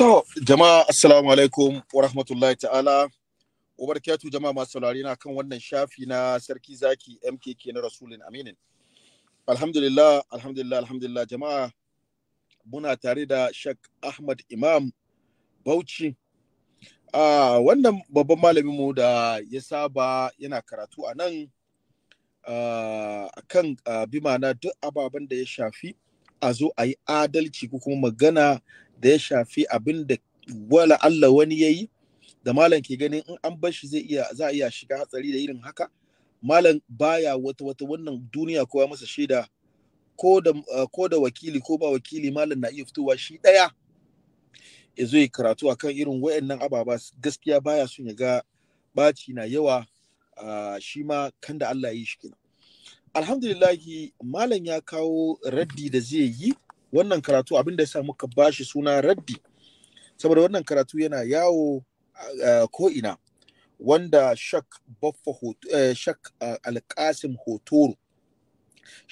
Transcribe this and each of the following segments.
To, jama'a assalamu alaikum wa rahmatullahi ta'ala. Ubarkatu jama'a masu saurari na kan wannan shafi na sarki zaki MKK na Rasulun Aminin. Alhamdulillah, alhamdulillah, alhamdulillah jama'a muna tare da Shek Ahmad Imam Bauchi. Uh, wannan babban malaminmu da ya saba yana karatu a nan uh, kan uh, bimana duk ababen da ya shafi a zo a yi adalci ko kuma magana da ya shafi abin da wala Allah wani ya yi da malam ke ganin in an bar shi zai iya za a iya shiga hatsari da irin haka malam baya wata wata wannan duniya kowa masa shaida ko da ko da wakili ko ba wakili malam na iya fitowa shi daya ya zo karatu akan irin wayannan ababa gaskiya baya son ya ga baci na yawa shi ma kan da Allah ya yi shi kenan alhamdulillahi malam ya kawo raddi da zai yi wannan karatu abin da ya sa muka shi suna raddi saboda wannan karatu yana yawo ko'ina, wanda shak baffa uh, hotoro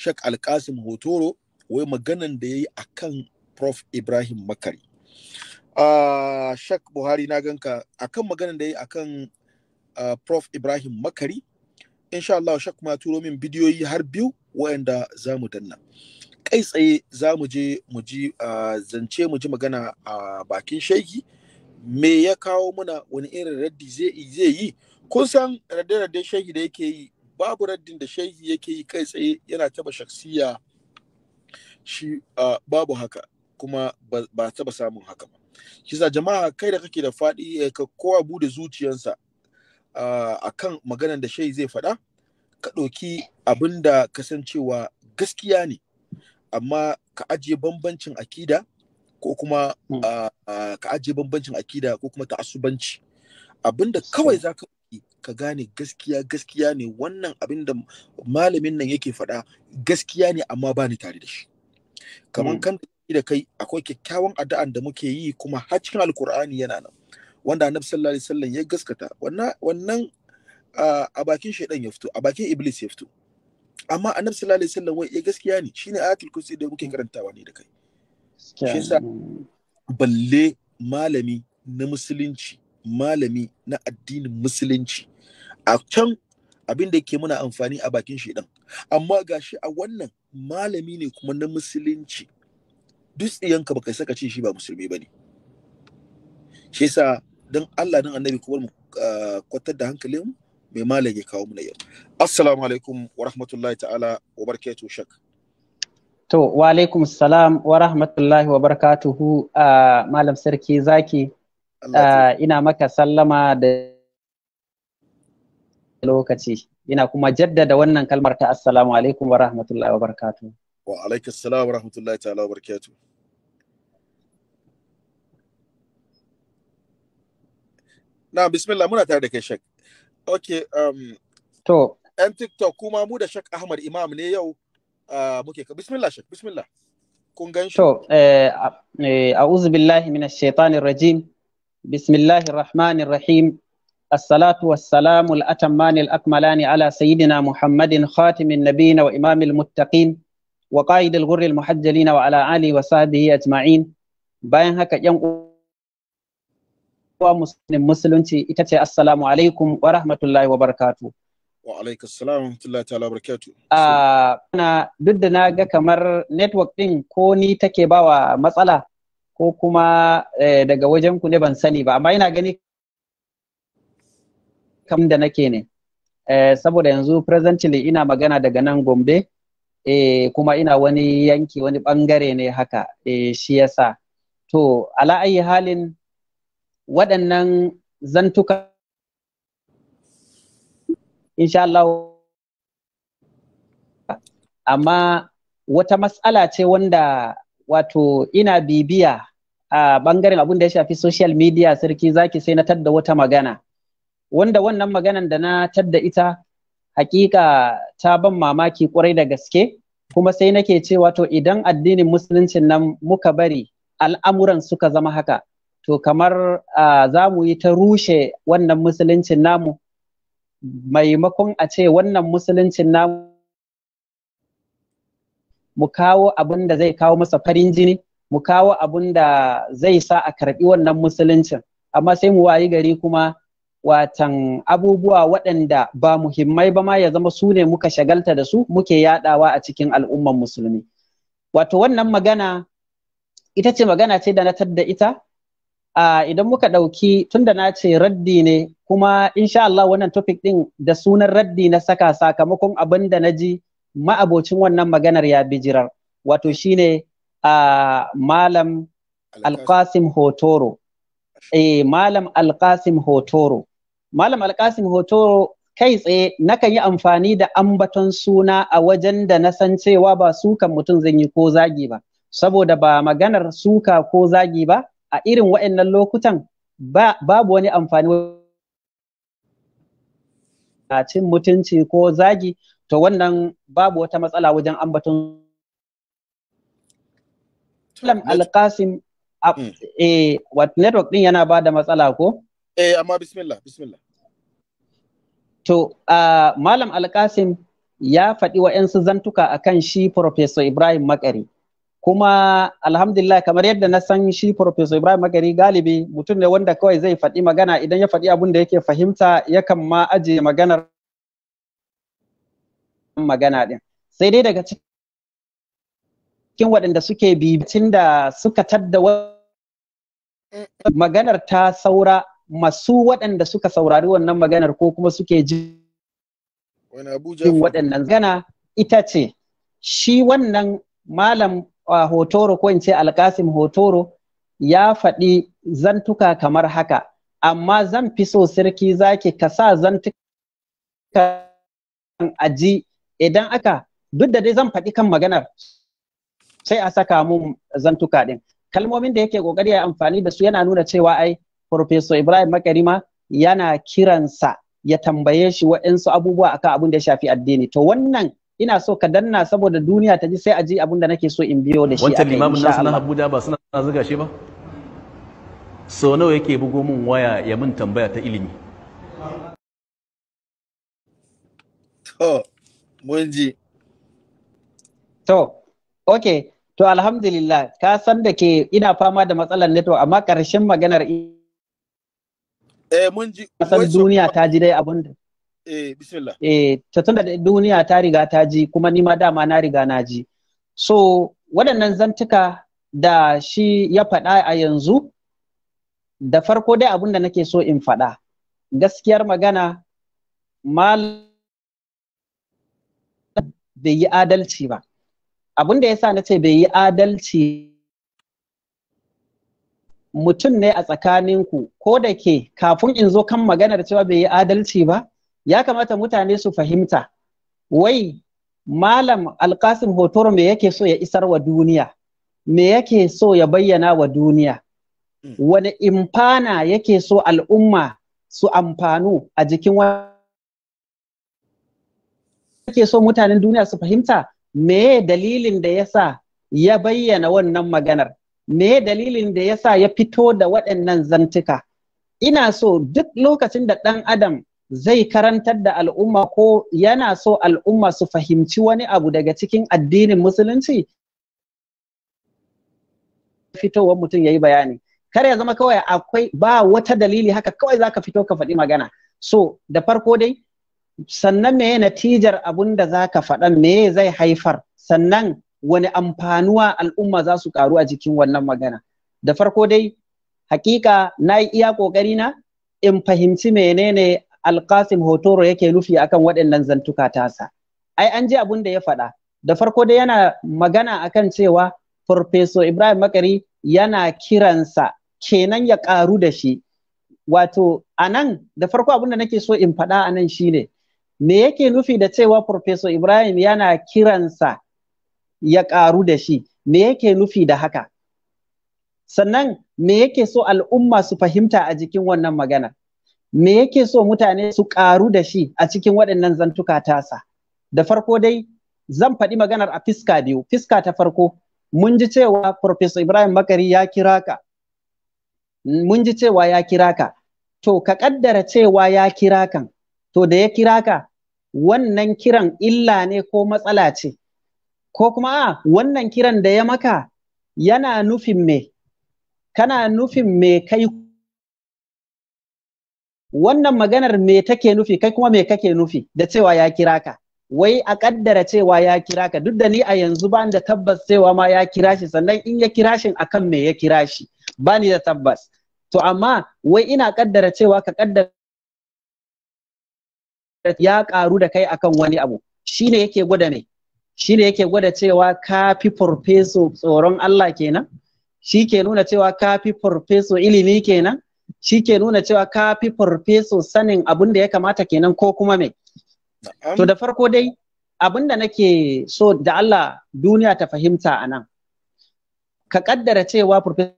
shak alkasim hotoro wai maganan da ya yi a kan prof ibrahim makari ah, shak buhari na ganka a kan maganan da ya yi a kan ah, prof ibrahim makari insha Allah shak ma turo min bidiyoyi har biyu wayanda za mu danna. kai tsaye za mu je mu ji ah, zance mu ji magana a bakin shaiki me ya kawo muna wani irin raddi zai yi kun san radde radde shaiki da yake yi babu raddin da shaiki yake yi kai tsaye yana taba shaksiya shi babu haka kuma ba taba samun haka ba kisa jama'a kai da kake da faɗi eh, ka kowa bude zuciyansa a kan maganar da shai zai faɗa ka ɗauki abin da kasancewa gaskiya ne amma ka ajiye bambancin akida ko kuma hmm. ka ajiye bambancin akida ko kuma ta'assubanci abinda kawai za ka ka gane gaskiya gaskiya ne wannan abin da malamin nan yake faɗa gaskiya ne amma ba ni tare da shi kamar hmm. kan da kai akwai kyakkyawan addu'an da muke yi kuma har cikin alkur'ani yana nan wanda annabi sallallahu alaihi wasallam ya gaskata wannan wannan a bakin shaidan ya fito a bakin iblis ya fito amma annabi sallallahu alaihi wasallam wai eh, gaskiya ne shine ayatul kursi da muke karantawa ne da kai shi yasa balle malami na musulunci malami na addinin musulunci a can abin da ke muna amfani a bakin shi amma gashi a wannan malami ne kuma na musulunci duk ba baka saka ce shi ba musulmi ba ne. shi yasa don Allah dan annabi kuma mu ah, kwatar da hankalin mai malam ya kawo mana yau assalamu alaikum wa rahmatullahi ta'ala wa barkatu shak to wa alaikum salam wa rahmatullahi wa barakatuhu a malam sarki zaki ina maka sallama da lokaci ina kuma jaddada wannan kalmar ta assalamu alaikum wa rahmatullahi wa barkatu. wa alaikum salam wa rahmatullahi ta'ala wa barkatu. na bismillah muna tare da kai shak Ok um, to. ‘Yan TikTok kuma mu da Shak Ahmad Imam ne yau uh, muke ka. Bismillah Shak, bismillah. Kun gan shi. To, eh, eh, a'udhu billahi minash shaitanir rajim. Bismillahir rahmanir rahim. الصلاة والسلام الأتمان الأكملان على سيدنا bayan haka ‘yan kowa musulmin musulunci ita ce assalamu alaikum wa rahmatullahi wa barakatu. Wa alaikassalam wa rahmatullahi ta'ala wa barakatu. Ana duk da na ga kamar network ɗin ko ni take bawa matsala ko kuma eh, daga wajen ku ne ban sani ba amma ina gani kam da nake ne. Eh, saboda yanzu presently ina magana daga nan Gombe eh, kuma ina wani yanki wani bangare ne haka shi yasa. To ala ayi halin waɗannan zantuka insha Allah amma wata matsala ce wanda wato ina bibiya a ɓangaren abin da ya shafi social media sarki zaki sai na tadda wata magana wanda wannan maganan da na tadda ita hakika ta ban mamaki kwarai da gaske kuma sai nake cewa to idan addinin musuluncin nan muka bari al'amuran suka zama haka to kamar za mu yi ta rushe wannan musuluncin namu maimakon a ce wannan musuluncin namu mu kawo abin da zai kawo masa farin jini mu kawo abin da zai sa a karbi wannan musuluncin amma sai mu wayi gari kuma watan abubuwa waɗanda ba muhimmai ba ma ya zama su ne muka shagalta da su muke yaɗawa a cikin al'umman musulmi wato wannan magana ita ce magana ce da na tadda ita idan muka ɗauki tunda na ce raddi ne kuma insha Allah wannan topic ɗin da sunan raddi na saka sakamakon abin da na ji ma'abocin wannan maganar ya bijirar wato shine a malam alkasim hotoro eh malam alkasim hotoro malam alkasim hotoro kai tsaye nakan yi amfani da ambaton suna a wajen da na san cewa ba sukan mutum zan yi ko zagi ba saboda ba maganar suka ko zagi ba a irin wa'annan lokutan babu wani amfani a cin mutunci ko zagi to wannan babu wata matsala wajen ambaton Malam Alkasim hmm. eh network din yana ba da matsala ko? Eh amma bismillah bismillah. To Malam Alkasim ya faɗi wa'yansu zantuka akan shi Professor Ibrahim Makari. kuma alhamdulillah kamar yadda na san shi Professor Ibrahim Magari galibi mutum ne wanda kawai zai faɗi magana idan ya faɗi abin da yake fahimta yakan ma aje maganar magana din sai dai daga cikin waɗanda suke bibitin da suka tadda maganar ta saura masu waɗanda suka saurari wannan maganar ko kuma suke ji waɗannan gana ita ce shi wannan malam hotoro ko in ce alkasim hotoro ya faɗi zantuka kamar haka amma zan fi so sarki zaki ka sa zantuka aji idan aka duk da dai zan faɗi kan maganar sai a saka mun zantuka ɗin kalmomin da yake ƙoƙari ya amfani da su yana nuna cewa ai Professor Ibrahim Makarima yana kiransa ya tambaye shi waɗansu abubuwa akan abin da ya shafi addini to wannan ina so ka danna saboda duniya ta ji sai a ji abin da nake so in biyo da shi wancan limamin nasu na Abuja ba suna zuga shi ba so nawa yake bugo min waya ya min tambaya ta ilimi to mun ji to okay to alhamdulillah ka san da ke ina fama da matsalar network amma karshen maganar eh mun ji san duniya ta ji dai abin da eh bismillah eh ta tunda da duniya ta riga ta ji kuma nima dama na riga na ji so waɗannan zantuka da shi ya faɗa a yanzu da farko dai abin da nake so in faɗa gaskiyar magana mal bai yi adalci ba abin da ya sa na ce bai yi adalci mutum ne a tsakaninku ko da ke kafin in zo kan maganar cewa bai yi adalci ba ya kamata mutane su fahimta wai malam alkasim hotoro me yake so ya isar wa duniya me yake so ya bayyana wa duniya hmm. wani imfana yake so al'umma su amfanu a jikin wani yake so mutanen duniya su fahimta me dalilin da ya sa ya bayyana wannan maganar me dalilin da ya sa ya fito da waɗannan zantuka ina so duk lokacin da ɗan adam zai karantar da al'umma ko yana so al'umma su fahimci wani abu daga cikin addinin musulunci fitowar mutum ya yi bayani kar ya zama kawai akwai ba wata dalili haka kawai zaka fito ka faɗi magana so da farko dai sannan meye natijar abun da zaka faɗa meye zai haifar sannan wani amfanuwa al'umma za su karu a jikin wannan magana da farko dai hakika na yi iya ƙoƙari na in fahimci menene alkasim hotoro yake nufi akan waɗannan zantuka tasa ai an ji abun da ya faɗa da farko dai yana magana akan cewa Farfeso Ibrahim Makari yana kiransa kenan ya ƙaru da shi wato a nan da farko abin da nake so in faɗa a nan shine me yake nufi da cewa Farfeso Ibrahim yana kiransa ya ƙaru da shi me yake nufi da haka sannan me yake so al'umma su fahimta a jikin wannan magana me yake so mutane su ƙaru da shi a cikin waɗannan zantuka tasa da farko dai zan faɗi maganar a fiska biyu fiska ta farko mun ji cewa Professor Ibrahim bakari ya kira ka mun ji cewa ya kira ka to ka kaddara cewa ya kira kan to da ya kira ka wannan kiran illa ne ko matsala ce ko kuma a wannan kiran da ya maka yana nufin me kana nufin me kai wannan maganar me take nufi kai kuma me kake nufi da cewa ya kira ka wai a kaddara cewa ya kira ka duk da ni a yanzu ba da tabbas cewa ma ya kira shi sannan in ya kira shi akan me ya kira shi ba ni da tabbas to amma wai ina kaddara cewa ka kaddara ya karu da kai akan wani abu shine yake gwada me shine yake gwada cewa ka fi farfeso tsoron Allah kenan shi ke nuna cewa ka fi professor ilimi kenan shi ke nuna cewa ka fi farfeso sanin abin da ya kamata kenan ko kuma me to da farko dai abin da nake so da Allah duniya ta fahimta a nan ka kaddara cewa farfeso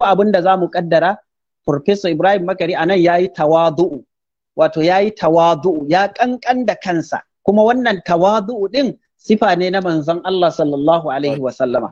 abin da za mu kaddara farfeso Ibrahim Makari a nan ya yi tawadu'u wato ya yi tawadu'u ya kankan da kansa kuma wannan tawadu'u din sifa ne na manzon Allah sallallahu alaihi Wasallama.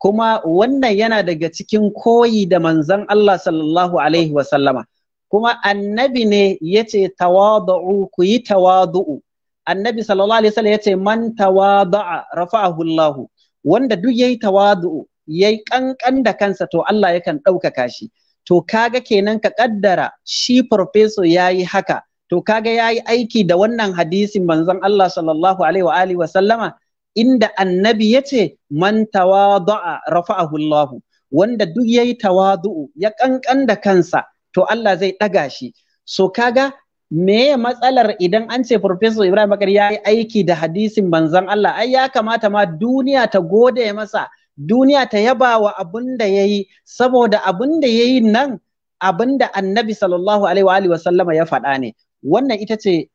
kuma wannan yana daga cikin koyi da manzan Allah sallallahu alaihi wasallama kuma annabi ne ya yace tawadu'u ku yi tawadu'u annabi sallallahu alaihi wasallam yace man tawadu'a rafa'ahu Allah wanda duk yayi tawadu'u yayi kankan da kansa to Allah yakan ɗaukaka shi to kaga kenan ka ƙaddara shi professor yayi haka to kaga yayi aiki da wannan hadisin manzon Allah sallallahu alaihi wa alihi wa sallama inda annabi ya ce man tawadu'a rafa'ahu Allah wanda duk yayi tawadu'u ya kankan da kansa to Allah zai ɗaga shi so kaga me matsalar idan an ce Professor Ibrahim Bakar ya yi aiki da hadisin manzon Allah ai ya kamata ma duniya ta gode masa duniya ta yaba wa abin da ya yi saboda abin da ya yi nan abin da annabi sallallahu alaihi wa sallama ya faɗa ne wannan ita ce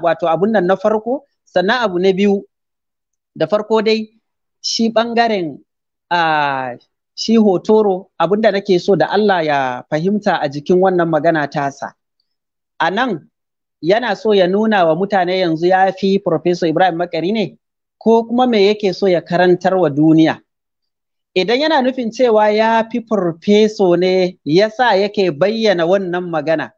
wato abun nan na farko sannan abu na biyu da farko dai shi ɓangaren shi hotoro abinda nake so da Allah ya fahimta a jikin wannan magana tasa a nan yana so ya nuna wa mutane yanzu ya fi Professor Ibrahim Makari ne ko kuma me yake so ya karantar wa duniya idan yana nufin cewa ya fi Professor ne ya yasa yake bayyana wannan magana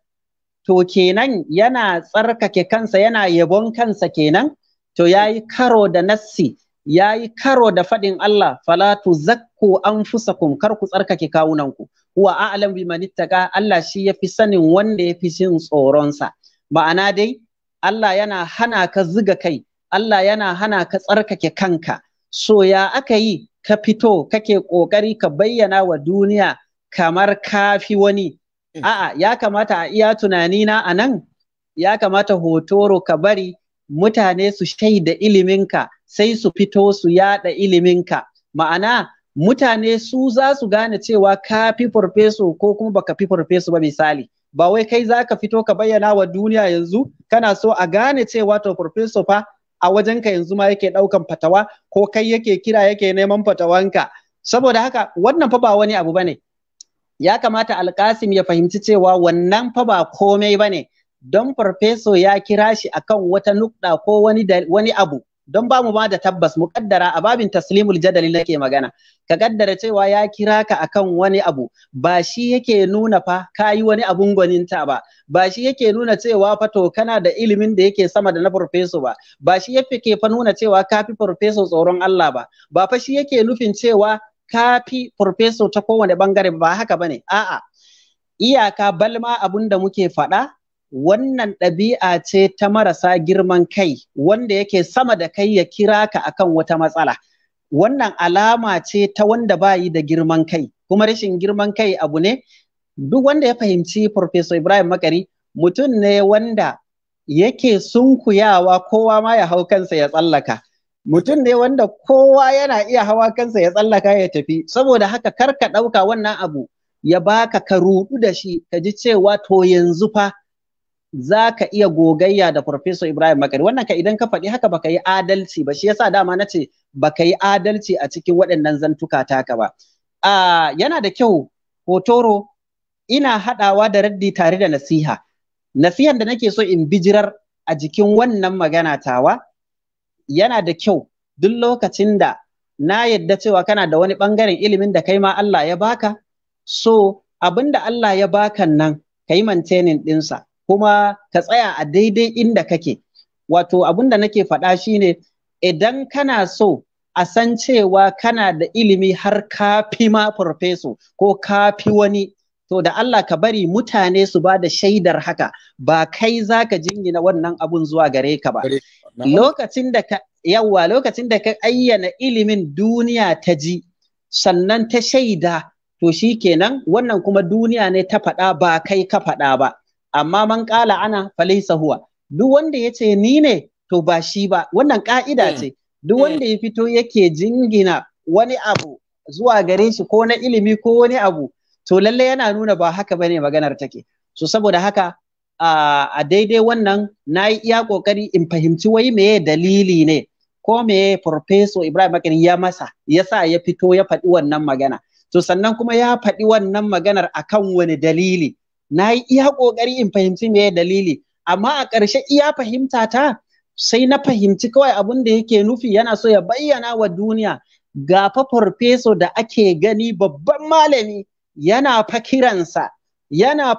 to kenan yana tsarkake kansa yana yabon kansa kenan to yayi karo da nassi yayi karo da faɗin Allah fala an anfusakum kar ku tsarkake kawunanku huwa a'lam biman ittaqa Allah shi yafi sanin wanda yafi jin tsoron sa ma'ana dai Allah yana hana ka zuga kai Allah yana hana ka tsarkake kanka so ya aka yi ka fito kake kokari ka bayyana wa duniya kamar kafi wani eh. a'a ya kamata a iya tunanina a nan ya kamata hotoro ka bari mutane su shaida iliminka sai su fito su yada iliminka ma'ana mutane su za su gane cewa ka fi farfeso ko kuma baka fi farfeso ba misali ba wai kai zaka fito ka bayyana wa duniya yanzu kana so a gane cewa to farfeso fa a wajenka yanzu ma yake ɗaukan fatawa ko kai yake kira yake neman fatawanka saboda haka wannan fa ba wani abu bane ya kamata alkasim ya fahimci cewa wannan fa ba komai bane don farfeso ya kira shi akan wata nukɗa ko wani, wani abu don ba mu ma da tabbas mu kaddara a babin taslimul jadali nake magana ka kaddara cewa ya kira ka akan wani abu ba shi yake nuna fa yi wani abun gwaninta ba ba shi yake nuna cewa fa to kana da ilimin da yake sama da na farfeso ba ba shi yake fa nuna cewa ka fi farfeso tsoron Allah ba ba fa shi yake nufin cewa ka fi farfeso ta kowane bangare ba haka bane a'a iyaka balma abun da muke faɗa wannan ɗabi'a ce ta marasa girman kai wanda yake sama da kai ya kira ka akan wata matsala wannan alama ce ta wanda ba yi da girman kai kuma rashin girman kai abu ne duk wanda ya fahimci Professor Ibrahim Makari mutum ne wanda yake sunkuyawa kowa ma ya hau kansa ya tsallaka mutum ne wanda kowa yana iya hawa kansa ya tsallaka ya tafi saboda haka kar ka ɗauka wannan abu ya baka ka ruɗu da shi ka ji cewa to yanzu fa za ka iya gogayya da Professor Ibrahim Makari wannan ka idan ka faɗi haka baka yi adalci ba shi yasa dama na ce baka yi adalci a cikin waɗannan zantuka taka ba uh, yana da kyau hotoro ina haɗawa da raddi tare da nasiha nasihan da nake so in bijirar a jikin wannan magana tawa yana da kyau duk lokacin da na yadda cewa kana da wani ɓangaren ilimin da kai ma Allah ya baka so abinda Allah ya baka nan ka yi maintaining ɗinsa kuma ka tsaya a daidai inda kake wato abun da nake faɗa shine idan kana so a san cewa kana da ilimi har kafi ma farfeso ko kafi wani to da Allah ka bari mutane su ba da shaidar haka ba kai za ka jingina wannan abun zuwa gare ka ba lokacin da ka yawa lokacin da ka ayyana ilimin duniya ta ji sannan ta shaida to shi kenan wannan kuma duniya ne ta faɗa ba kai ka faɗa ba amma man kala ana falaysa huwa duk wanda ya ce ni ne to ba shi ba wannan ka'ida hmm. ce duk wanda ya fito yake jingina wani abu zuwa gare shi ko na ilimi ko wani abu to lalle yana nuna ba haka bane maganar take so saboda haka a daidai wannan na yi iya kokari in fahimci wai meye dalili ne ko meye Profeso Ibrahim Bakari ya masa ya sa ya fito ya faɗi wannan magana to sannan kuma ya faɗi wannan maganar akan wani dalili na yi iya ƙoƙari in fahimci me dalili amma a ƙarshe iya fahimta ta sai na fahimci kawai abin da yake nufi yana so ya bayyana wa duniya ga fa farfeso da ake gani babban malami yana fa kiransa yana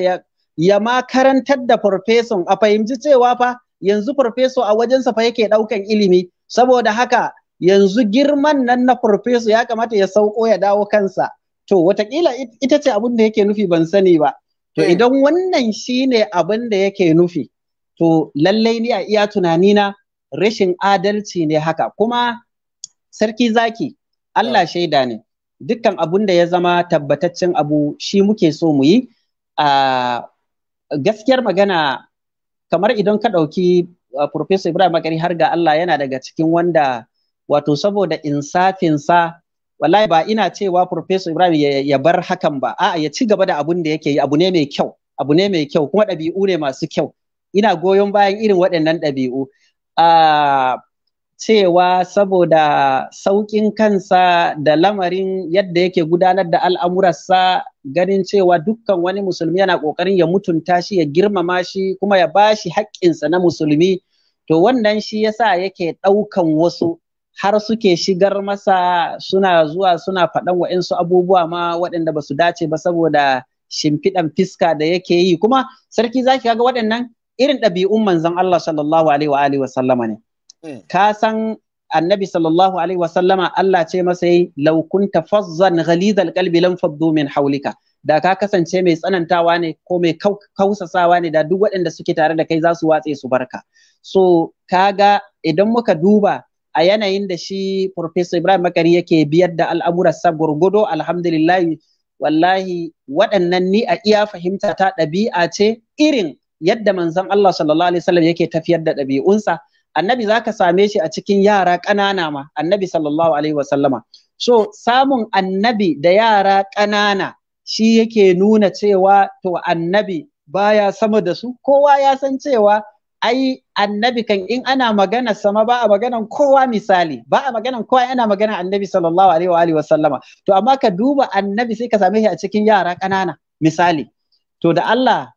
ya, ya ma karantar da farfeson a fahimci cewa fa yanzu farfeso a wajensa fa yake ɗaukan ilimi saboda haka yanzu girman nan na farfeso ya kamata ya sauko ya dawo kansa to watakila ita ce abin da yake nufi ban sani ba to eh. idan wannan shine abin da yake nufi to lallai ni a iya na rashin adalci ne haka kuma sarki zaki Allah ah. shaida ne dukkan abun da ya zama tabbataccen abu shi muke so mu yi a gaskiyar magana kamar idan ka ɗauki Professor Ibrahim Makari har ga Allah yana daga cikin wanda wato saboda insafinsa wallahi ba ina cewa professor Ibrahim ya, bar hakan ba a'a ya ci gaba da abun da yake yi abu ne mai kyau abu ne mai kyau kuma ɗabi'u ne masu kyau ina goyon bayan irin waɗannan ɗabi'u a cewa saboda sauƙin kansa da lamarin yadda yake gudanar da al'amurarsa ganin cewa dukkan wani musulmi yana ƙoƙarin ya mutunta shi ya girmama shi kuma ya ba shi haƙƙinsa na musulmi to wannan shi yasa yake ɗaukan wasu har suke shigar masa suna zuwa suna faɗan wa'insu abubuwa ma waɗanda ba su dace ba saboda shimfiɗan fiska da yake yi kuma sarki za ki ga waɗannan irin ɗabi'un manzon Allah sallallahu alaihi wa alihi ne eh. ka san annabi sallallahu alaihi wa Allah ce masa yi law kunta fazzan ghalidhal qalbi lam faddu min hawlika da ka kasance mai tsanantawa ne ko mai kausasawa ne da duk waɗanda suke tare da kai za su watse su barka so kaga idan muka duba a yanayin da shi Professor Ibrahim Makari yake biyar da al'amurarsa gurgudo alhamdulillah, wallahi waɗannan ni a iya fahimta ta ɗabi'a ce irin yadda manzon Allah sallallahu alaihi wasallam yake tafiyar da ɗabi'unsa annabi zaka same shi a cikin yara ƙanana ma annabi sallallahu alaihi wasallama so samun annabi da yara ƙanana shi yake nuna cewa to annabi baya sama da su kowa ya san cewa ai annabi kan in ana magana sama ba a maganan kowa misali ba a maganan kowa ana magana annabi sallallahu alaihi wa alihi wasallama to amma ka duba annabi sai ka same shi a cikin yara kanana misali to da Allah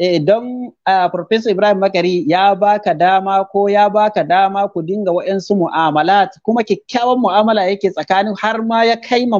uh, Professor Ibrahim Makari ya baka dama ko ya baka dama ku dinga wa'yansu mu'amala kuma kyakkyawan mu'amala yake tsakanin har ma ya kai ma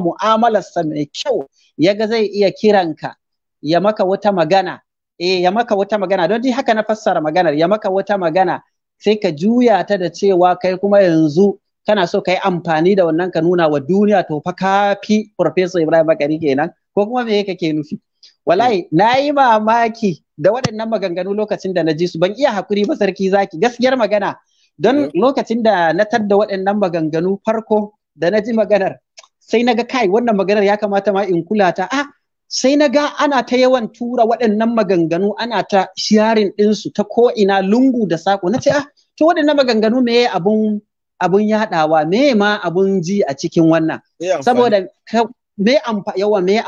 sa mai kyau yaga zai iya kiranka ya maka wata magana eh ya maka wata magana don dai haka na fassara maganar ya maka wata magana sai ka juya ta da cewa kai kuma yanzu kana so ka yi amfani da wannan ka nuna wa duniya to fa kafi Professor Ibrahim Bakari kenan ko kuma me kake nufi wallahi hmm. na yi mamaki da waɗannan maganganu lokacin da na ji su ban iya hakuri ba sarki zaki gaskiyar magana don hmm. lokacin da na tadda waɗannan maganganu farko da na ji maganar sai na ga kai wannan maganar ya kamata ma in kula ta ah sai na ga ana ta yawan tura waɗannan maganganu ana ta shiyarin ɗinsu ta ko'ina lungu da sako na ce ah to waɗannan maganganu me abun abun yaɗawa me ma abun ji a cikin wannan saboda me yawa me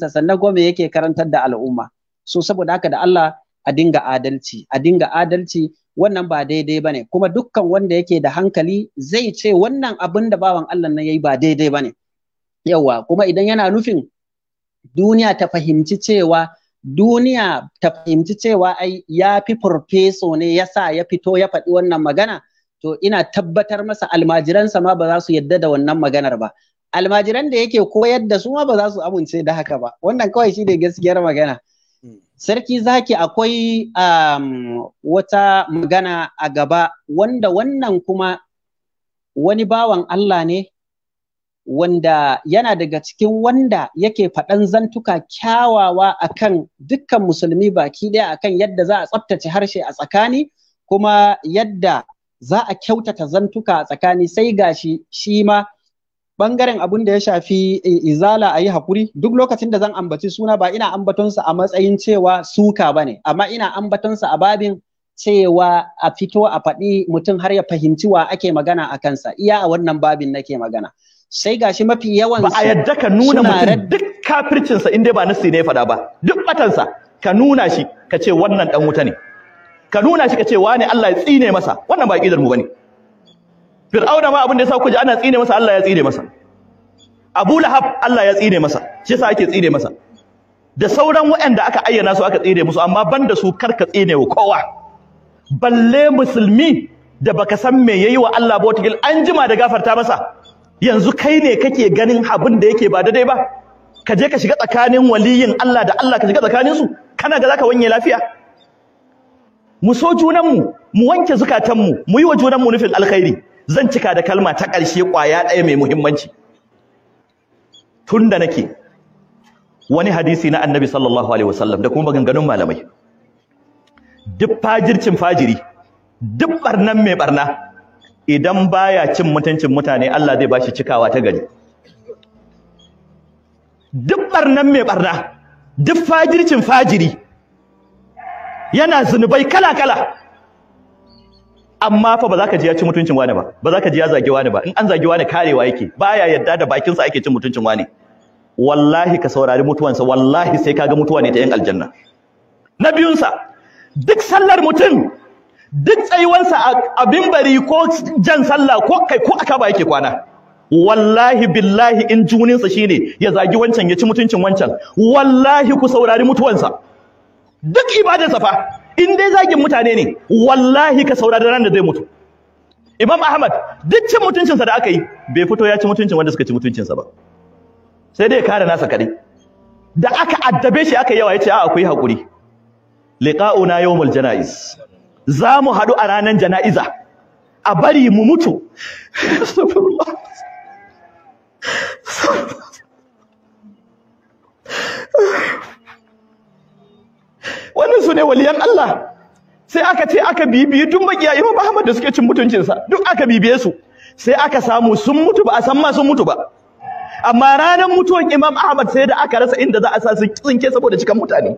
sa. sannan gome yake karantar da al'umma so saboda haka da Allah a dinga adalci a dinga adalci wannan ba daidai bane kuma dukkan wanda yake da hankali zai ce wannan abin da bawan Allah nan yayi ba daidai bane yawa kuma idan yana nufin duniya ta fahimci cewa duniya ta fahimci cewa ai ya fi farfeso ne ya sa ya fito ya faɗi wannan magana to ina tabbatar masa almajiransa ma ba za su yadda da wannan maganar ba almajiran da yake koyar da su ma ba za su amince da haka ba wannan kawai shi ne gaskiyar magana hmm. sarki zaki akwai um, wata magana a gaba wanda wannan kuma wani bawan Allah ne wanda yana daga cikin wanda yake faɗan zantuka kyawawa akan dukkan musulmi baki ɗaya akan yadda za a tsaftace harshe a tsakani kuma yadda za a kyautata zantuka a tsakani sai gashi shi ma bangaren abun da ya shafi eh, izala a yi haƙuri duk lokacin da zan ambaci suna ba ina ambatonsa a matsayin cewa suka ba ne amma ina ambatonsa a babin cewa a fito a faɗi mutum har ya fahimci wa ake magana a kansa iya a wannan babin nake magana sai gashi mafi yawan ba a yadda ka nuna mutum duk kafircinsa in dai ba nasi ne fada faɗa ba duk batansa ka nuna shi ka ce wannan dan wuta ne ka nuna shi ka ce wane Allah ya tsine masa wannan ba kidar mu bane Fir'auna ma abin da yasa ku ji ana tsine masa Allah ya tsine masa Abu Lahab Allah ya tsine masa shi yasa ake tsine masa da sauran waɗanda aka ayyana su aka tsine musu amma banda su karka tsine wa kowa balle musulmi da baka san me yayi wa Allah ba wata an jima da gafarta masa yanzu kai ne kake ganin abin da yake ba daidai ba ka je ka shiga tsakanin waliyin Allah da Allah ka shiga tsakanin su kana ga zaka wanye lafiya mu so junan mu mu wanke zukatan mu mu yi wa junan mu nufin alkhairi zan cika da kalma ta ƙarshe ƙwaya ɗaya mai muhimmanci tunda nake wani hadisi na Annabi sallallahu alaihi wasallam da kuma maganganun malamai duk fajircin fajiri duk barnan mai barna idan baya cin mutuncin mutane Allah zai bashi cikawa ta gari duk barnan mai barna duk fajircin fajiri yana zunubai kala kala amma fa ba za ka ji ya ci mutuncin wani ba ba za ka ji ya zage wani ba in an zage wani karewa yake baya yadda da bakin sa ake cin mutuncin wani wallahi ka saurari mutuwansa wallahi sai kaga mutuwa ne ta yan aljanna na biyunsa duk sallar mutum duk tsayuwansa abin bari ko jan sallah ko kai ko aka ba yake kwana wallahi billahi in juninsa shine ya zagi wancan ya ci mutuncin wancan wallahi ku saurari mutuwansa duk sa fa in dai zagin mutane ne wallahi ka saurari ran da zai mutu Imam Ahmad duk cin mutuncinsa da aka yi bai fito ya ci mutuncin wanda suka ci mutuncinsa ba sai dai ya kare nasa kadai da aka addabe shi aka yawa yace a akwai hakuri liqa'una yawmul janaiz za mu haɗu a ranar jana'iza a bari mu mutu wannan su ne waliyan Allah sai aka ce aka bibiyi duk makiyayi Ahmad da suke cin mutuncinsa duk aka bibiye su sai aka samu sun mutu ba a san ma sun mutu ba amma ranar mutuwan Imam Ahmad sai da aka rasa inda za a sa su tsinke saboda cikan mutane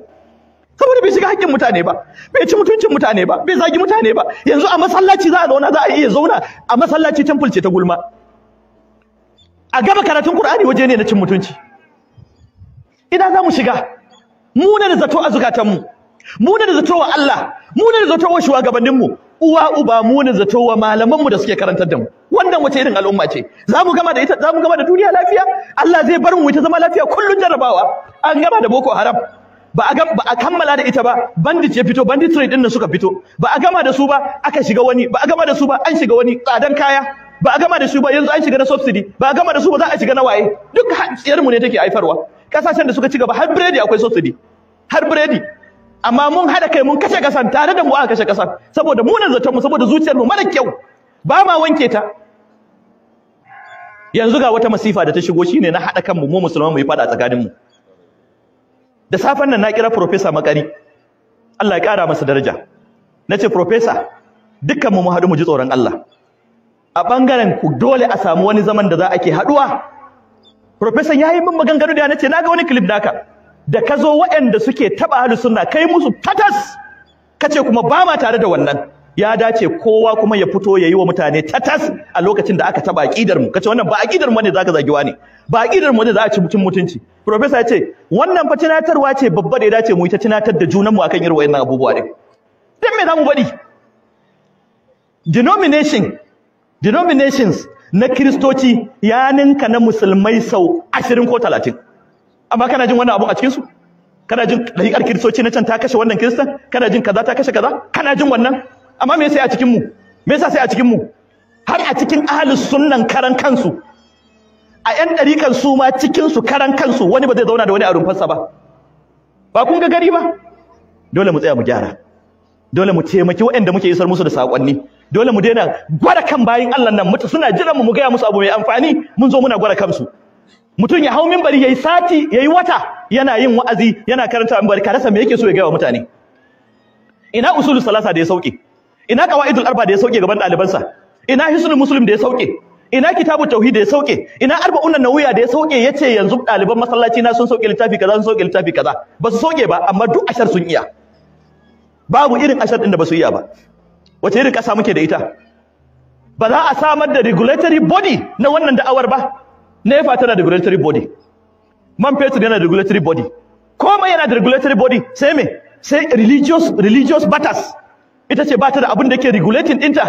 saboda bai shiga hakkin mutane ba bai ci mutuncin mutane ba bai zagi mutane ba yanzu a masallaci za a zauna za a iya zauna a masallaci temple ce ta gulma a gaba karatun Qur'ani waje ne na cin mutunci ina za mu shiga mu ne da zato a zukatanmu mu ne da zato wa Allah mu ne da zato wa shugabanninmu uwa uba mu ne zato wa malamanmu da suke karantar da mu wannan wace irin al'umma ce za mu gama da ita za mu gama da duniya lafiya Allah zai bar mu ita zama lafiya kullun jarabawa an gama da boko haram ba a ba a kammala da ita ba bandit ya fito bandit trade din da suka fito ba a gama da su ba aka shiga wani ba a gama da su ba an shiga wani tsadan kaya ba a gama da su ba yanzu an shiga na subsidy ba a gama da su ba za a shiga na waye duk tsiyar mu ne take haifarwa kasashen da suka ci gaba har biredi akwai subsidy har biredi amma mun hada kai mun kashe kasan tare da mu aka kashe kasan saboda mu nan zaton mu saboda zuciyar mu mara kyau ba ma wanke ta yanzu ga wata masifa da ta shigo shine na hada kanmu mu musulman mu yi fada tsakanin mu da safen nan na kira professor makari Allah ya kara masa daraja nace professor dukkan mu mu haɗu mu ji tsoron Allah a bangaren ku dole a samu wani zaman da za a ke haduwa professor yayi min maganganu da nace naga wani clip naka da kazo zo waɗanda suke taba halu sunna kai musu tatas kace kuma ba ma tare da wannan ya dace kowa kuma ya fito ya yi wa mutane tatas a lokacin da aka taba aqidar mu kace wannan ba aqidar mu ne zaka zagi wa ne? ba aqidar mu ne za a ci mutum mutunci professor ya ce wannan fa tunatarwa ce babba da ya dace mu yi ta tunatar da junan mu akan irin wayannan abubuwa din dan me zamu bari denomination denominations na kristoci ya ninka na musulmai sau 20 ko 30 amma kana jin wannan abun a cikin su kana jin ɗariƙar kiristoci na can ta kashe wannan kiristan kana jin kaza ta kashe kaza kana jin wannan amma me sai a cikin mu me yasa sai a cikin mu har a cikin ahlus sunnan karan kansu a yan dariƙan su ma cikin su karan kansu wani ba zai zauna da wani a rumfarsa ba ba kun ga gari ba dole mu tsaya mu gyara dole mu taimaki waɗanda muke isar musu da sakonni dole mu daina gwada kan bayin Allah nan mutu suna jiran mu mu gaya musu abu mai amfani mun zo muna gwara kansu mutum ya hau minbari yayi sati yayi wata yana yin wa'azi yana karanta minbari ka rasa me yake so ya gaya wa mutane ina usulul salasa da ya sauke ina qawaidul arba da ya sauke gaban ɗalibansa ina hisnul muslim da ya sauke ina kitabu tauhid da ya sauke ina arba'un nawiya da ya sauke yace yanzu ɗaliban masallaci na sun sauke littafi kaza sun sauke littafi kaza ba su sauke ba amma duk ashar sun iya babu irin ashar din da ba su iya ba wace irin kasa muke da ita ba za a samar da regulatory body na wannan da'awar ba nefa tana da regulatory body man fetur yana da regulatory body komai yana da regulatory body sai me sai religious religious batters ita ce ba ta da abin da yake regulating ɗinta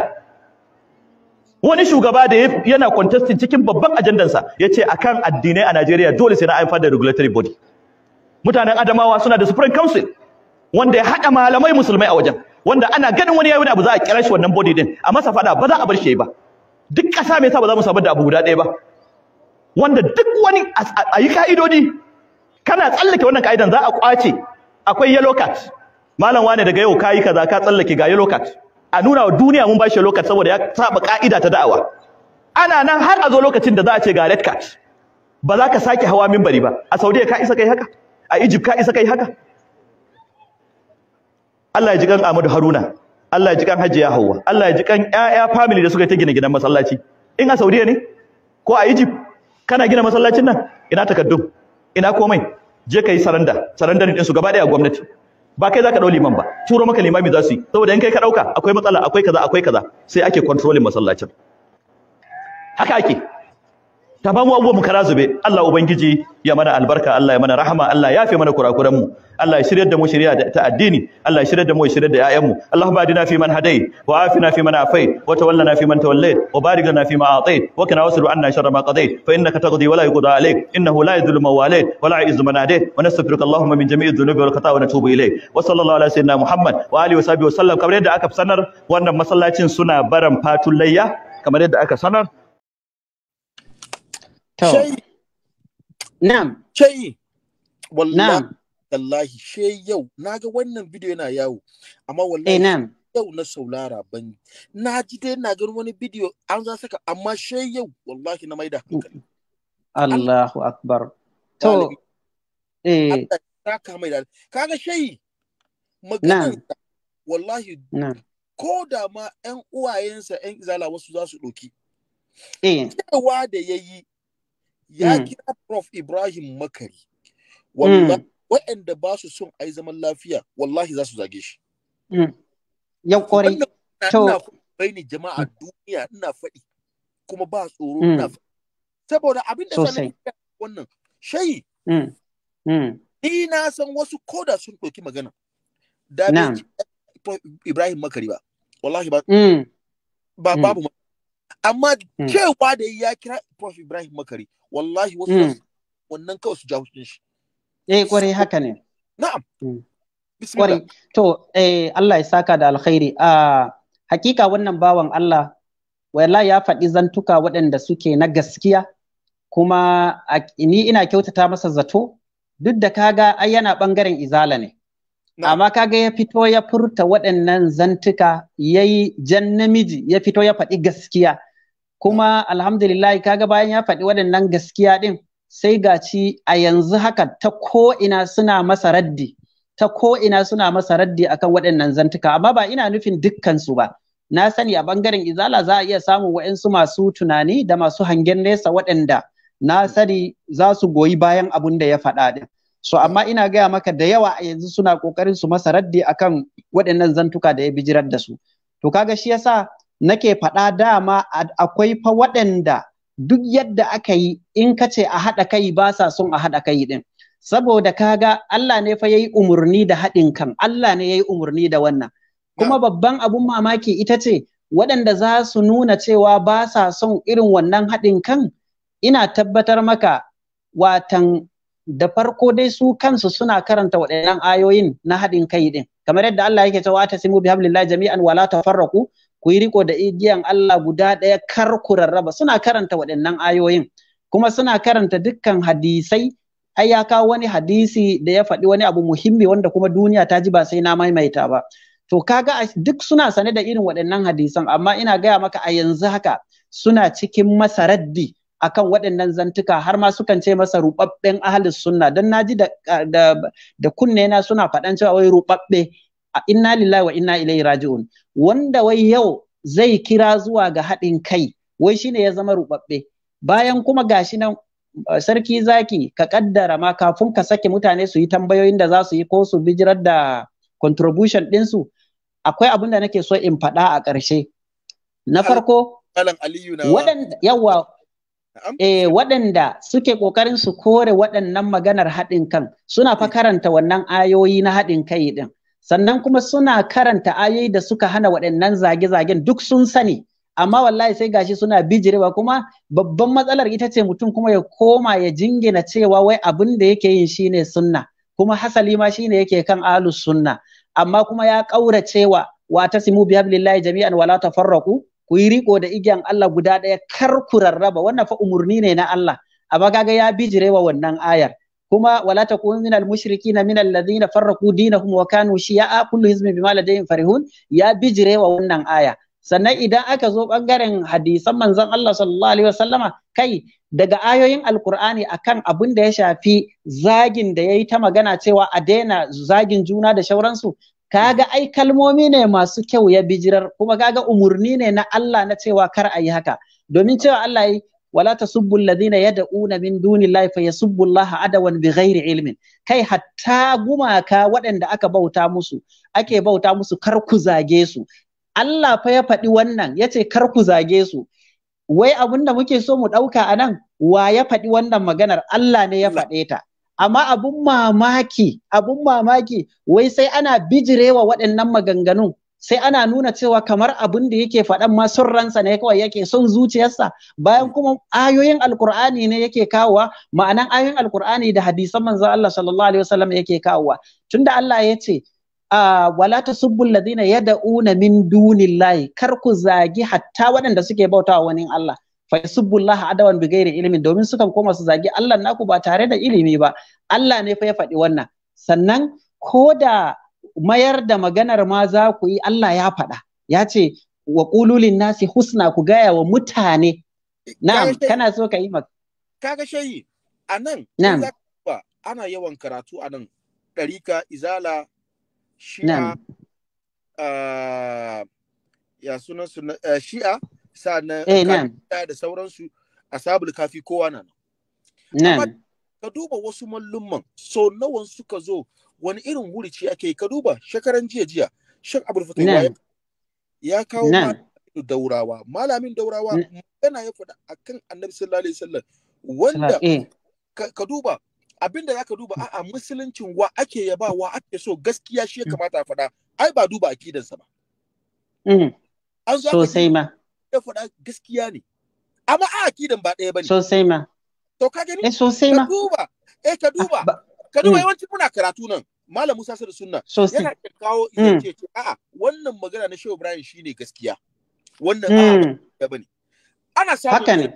wani shugaba da yana contesting cikin babban ajandansa ya ce a addinai a Najeriya dole sai na aifar da regulatory body mutanen adamawa suna da supreme council wanda ya haɗa malamai musulmai a wajen wanda ana ganin wani yayi wani abu za a kira shi wannan body din a masa fada ba za a bar shi ba duk ƙasa me yasa ba za mu samu da abu guda ɗaya ba wanda duk wani a yi ka'idodi kana tsallake wannan ka'idan za a kwace akwai yellow card malam wane daga yau kayi kaza ka tsallake ga yellow a nuna wa duniya mun bashi lokaci saboda ya saba ka'ida ta da'awa ana nan har a zo lokacin da za a ce ga red card ba za ka sake hawa minbari ba a Saudiya ka isa kai haka a Egypt ka isa kai haka Allah ya ji kan Ahmadu Haruna Allah ya ji kan Hajiya Hauwa Allah ya ji kan ƴaƴa family da suka ta gina gidan masallaci in a Saudiya ne ko a Egypt kana gina masallacin nan ina takaddum ina komai je kai saranda saranda din su gaba daya gwamnati ba kai zaka dau liman ba turo maka limami za su yi saboda in kai ka dauka akwai matsala akwai kaza akwai kaza sai ake controlling masallacin haka ake ta ba mu abubuwan mu kara zube Allah ubangiji ya mana albarka Allah ya mana rahama Allah ya fi mana kurakuran mu Allah ya shiryar da mu shiriya ta addini Allah ya shiryar da mu shiryar da ƴaƴan mu Allahumma adina fi man hadai wa afina fi man afai wa tawallana fi man tawallait wa barik lana fi ma atait wa qina wasrif anna sharra ma qadait fa innaka taqdi wa la yuqda alayk innahu la yadhlimu man walayt wa la yu'izzu man adait wa nastaghfiruka Allahumma min jami'i dhunubi wal khata'i wa natubu ilayk wa sallallahu ala sayyidina Muhammad wa alihi wa sahbihi wa sallam kamar yadda aka sanar wannan masallacin suna baran fatun layya kamar yadda aka sanar Shayi. Na'am. Shayi. Wallahi. Wallahi she yau na ga wannan bidiyo yana yawo amma wallahi eh, yau na saulara ban na ji dai na ga wani bidiyo an za saka amma she yau wallahi na maida Allahu akbar to eh saka mai da kaga sheyi maganar wallahi ko da ma ƴan uwayensa ƴan izala wasu za su ɗauki eh. cewa da yayi ya mm. kira prof ibrahim makari wallahi mm. waɗanda ba su son a yi zaman lafiya wallahi za su zage shi mm. ya kwarai ina bayani jama'a duniya ina faɗi kuma ba tsoro ina faɗi saboda abin da da wannan shayi ni na san wasu koda sun ɗauki magana da Ibrahim Makari ba wallahi ba ba babu amma hmm. cewa da ya kira prof ibrahim makari wallahi wasu hmm. wannan kawai su jawo shi eh kware haka ne na'am hmm. kware to eh Allah ya saka da alkhairi a ah, hakika wannan bawan Allah wallahi ya faɗi zantuka waɗanda suke na gaskiya kuma ni ina kyautata masa zato duk da kaga ai yana bangaren izala ne amma kaga ya fito ya furta waɗannan zantuka ya yi jan namiji ya fito ya faɗi gaskiya kuma alhamdulillah kaga bayan ya faɗi waɗannan gaskiya ɗin sai gaci a yanzu haka ta ko'ina suna masa raddi ta ko'ina suna masa raddi akan waɗannan zantuka amma ba ina nufin dukkansu ba na sani a bangaren izala za a iya samun wa'insu masu tunani da masu hangen nesa waɗanda na sani za su goyi bayan abun da ya faɗa ɗin so amma ina gaya maka da yawa a yanzu suna kokarin su masa raddi akan waɗannan zantuka da ya bijirar da su to kaga shi yasa nake faɗa dama akwai fa waɗanda duk yadda aka yi in ka ce a haɗa kai ba sa son a haɗa kai ɗin saboda kaga Allah ne fa ya yi umarni da haɗin kan Allah ne ya yi umarni da wannan kuma babban abun mamaki ita ce waɗanda za su nuna cewa ba sa son irin wannan haɗin kan ina tabbatar maka watan da farko dai su kansu suna karanta waɗannan ayoyin na haɗin kai ɗin kamar yadda Allah yake cewa ta simu bihablillahi jami'an wala tafarraku ku yi riko da igiyan Allah guda ɗaya kar ku rarraba suna karanta waɗannan ayoyin kuma suna karanta dukkan hadisai ai ya kawo wani hadisi da ya faɗi wani abu muhimmi wanda kuma duniya ta ji ba sai na maimaita ba to kaga duk suna sane da irin waɗannan hadisan amma ina gaya maka a yanzu haka suna cikin masaraddi akan waɗannan zantuka har ma sukan ce masa rubabben ahalus sunna don naji da, da, kunne na suna faɗan cewa wai rubabbe inna lillahi wa inna ilaihi raji'un wanda wai yau zai kira zuwa ga haɗin kai wai shine ya zama rubabbe bayan kuma gashi nan eh, sarki zaki ka kaddara ma kafin ka sake mutane su yi tambayoyin da za su yi ko su bijirar da contribution ɗinsu akwai abin da nake so in faɗa a ƙarshe na farko waɗanda yawa eh, waɗanda suke ƙoƙarin su kore waɗannan maganar haɗin kan suna fa eh. karanta wannan ayoyi na haɗin kai ɗin sannan kuma suna karanta ayoyi da suka hana waɗannan zage-zagen duk sun sani amma wallahi sai gashi suna bijirewa kuma babban matsalar ita ce mutum kuma ya koma ya jingina cewa wai abin da yake yin shine sunna kuma hasali ma shine yake kan alus sunna amma kuma ya ƙaura cewa wa tasimu bihablillahi jami'an wala tafarraqu ku yi riko da igiyan Allah guda ɗaya kar ku rarraba wannan fa umurni ne na Allah amma kaga ya bijirewa wannan ayar kuma wala takun min al mushrikin min farraku dina kuma wa kanu shi'a kullu bi mala dayin farihun ya bijire wa wannan aya sannan idan aka zo bangaren hadisan manzon Allah sallallahu alaihi wasallama kai daga ayoyin alkur'ani akan abin da ya shafi zagin da ya yi ta magana cewa a daina zagin juna da shauransu kaga ai kalmomi ne masu kyau ya bijirar kuma kaga umurni ne na Allah na cewa kar a yi haka domin cewa Allah yi wala tasubbu alladhina yad'una min dunillahi fayasubbu Allah adawan bighairi ilmin kai hatta gumaka waɗanda aka bauta musu ake bauta musu kar ku zage su Allah fa ya faɗi wannan yace kar ku zage su wai abunda muke so mu ɗauka a nan wa ya faɗi wannan maganar Allah ne ya faɗe ta amma abun mamaki abun mamaki wai sai ana bijirewa waɗannan maganganun sai ana nuna cewa kamar abin da yake faɗan ma son ransa ne kawai yake son zuciyarsa bayan kuma ayoyin alkur'ani ne yake kawowa ma'anan ayoyin alkur'ani da hadisan manzon Allah sallallahu alaihi wasallam yake kawowa tunda Allah ya ce wala tasubbu alladhina yad'una min dunillahi kar ku zagi hatta waɗanda suke bautawa wani Allah fa yasubbullaha adawan bighairi ilmin domin sukan koma su zagi Allah naku ba tare da ilimi ba Allah ne fa ya faɗi wannan sannan ko da mayar da maganar ma za ku yi Allah ya faɗa ya ce wa ƙululin nasi husna ku gaya wa mutane na'am kana so ka yi maka kaga shayi a nan ana yawan karatu a nan ɗarika izala shi'a uh, ya sunan su eh, eh, shi'a da sauransu a sabul kafi kowa na nan ka duba wasu mallumman so nawan suka zo wani irin wurici ake ka duba shekaran jiya jiya shek abul fatawa ya kawo daurawa malamin daurawa yana ya faɗa akan annabi sallallahu alaihi wasallam wanda eh. ka duba abinda zaka duba a'a musuluncin wa ake yaba wa ake so gaskiya shi ya mm. kamata a faɗa ai ba duba akidansa ba mm. an zo sosai ma ya faɗa gaskiya ne amma a akidan ba ɗaya bane sosai ma to ka gani eh, sosai ma ka duba eh ka duba ka duba hmm. yawanci muna karatu nan malam Musa Sadu Sunna yana kawo hmm. yace a'a wannan magana na Shehu Ibrahim shine gaskiya wannan ba hmm. bane ana samu haka ne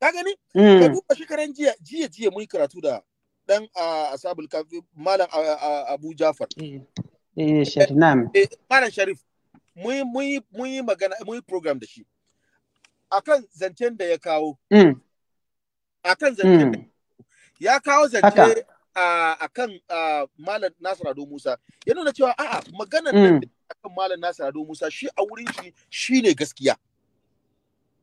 ka gani ka duba shekaran jiya jiya jiya mun karatu da dan asabul kafi malam Abu Jafar eh, eh Sharif eh malam Sharif mun mun mun magana mun program da shi akan zancen da ya kawo akan zancen ya kawo zance a kan Malam Nasir Ado Musa ya nuna cewa a'a maganar mm. nan a kan Malam Nasir Ado Musa shi a wurin shi shi ne gaskiya.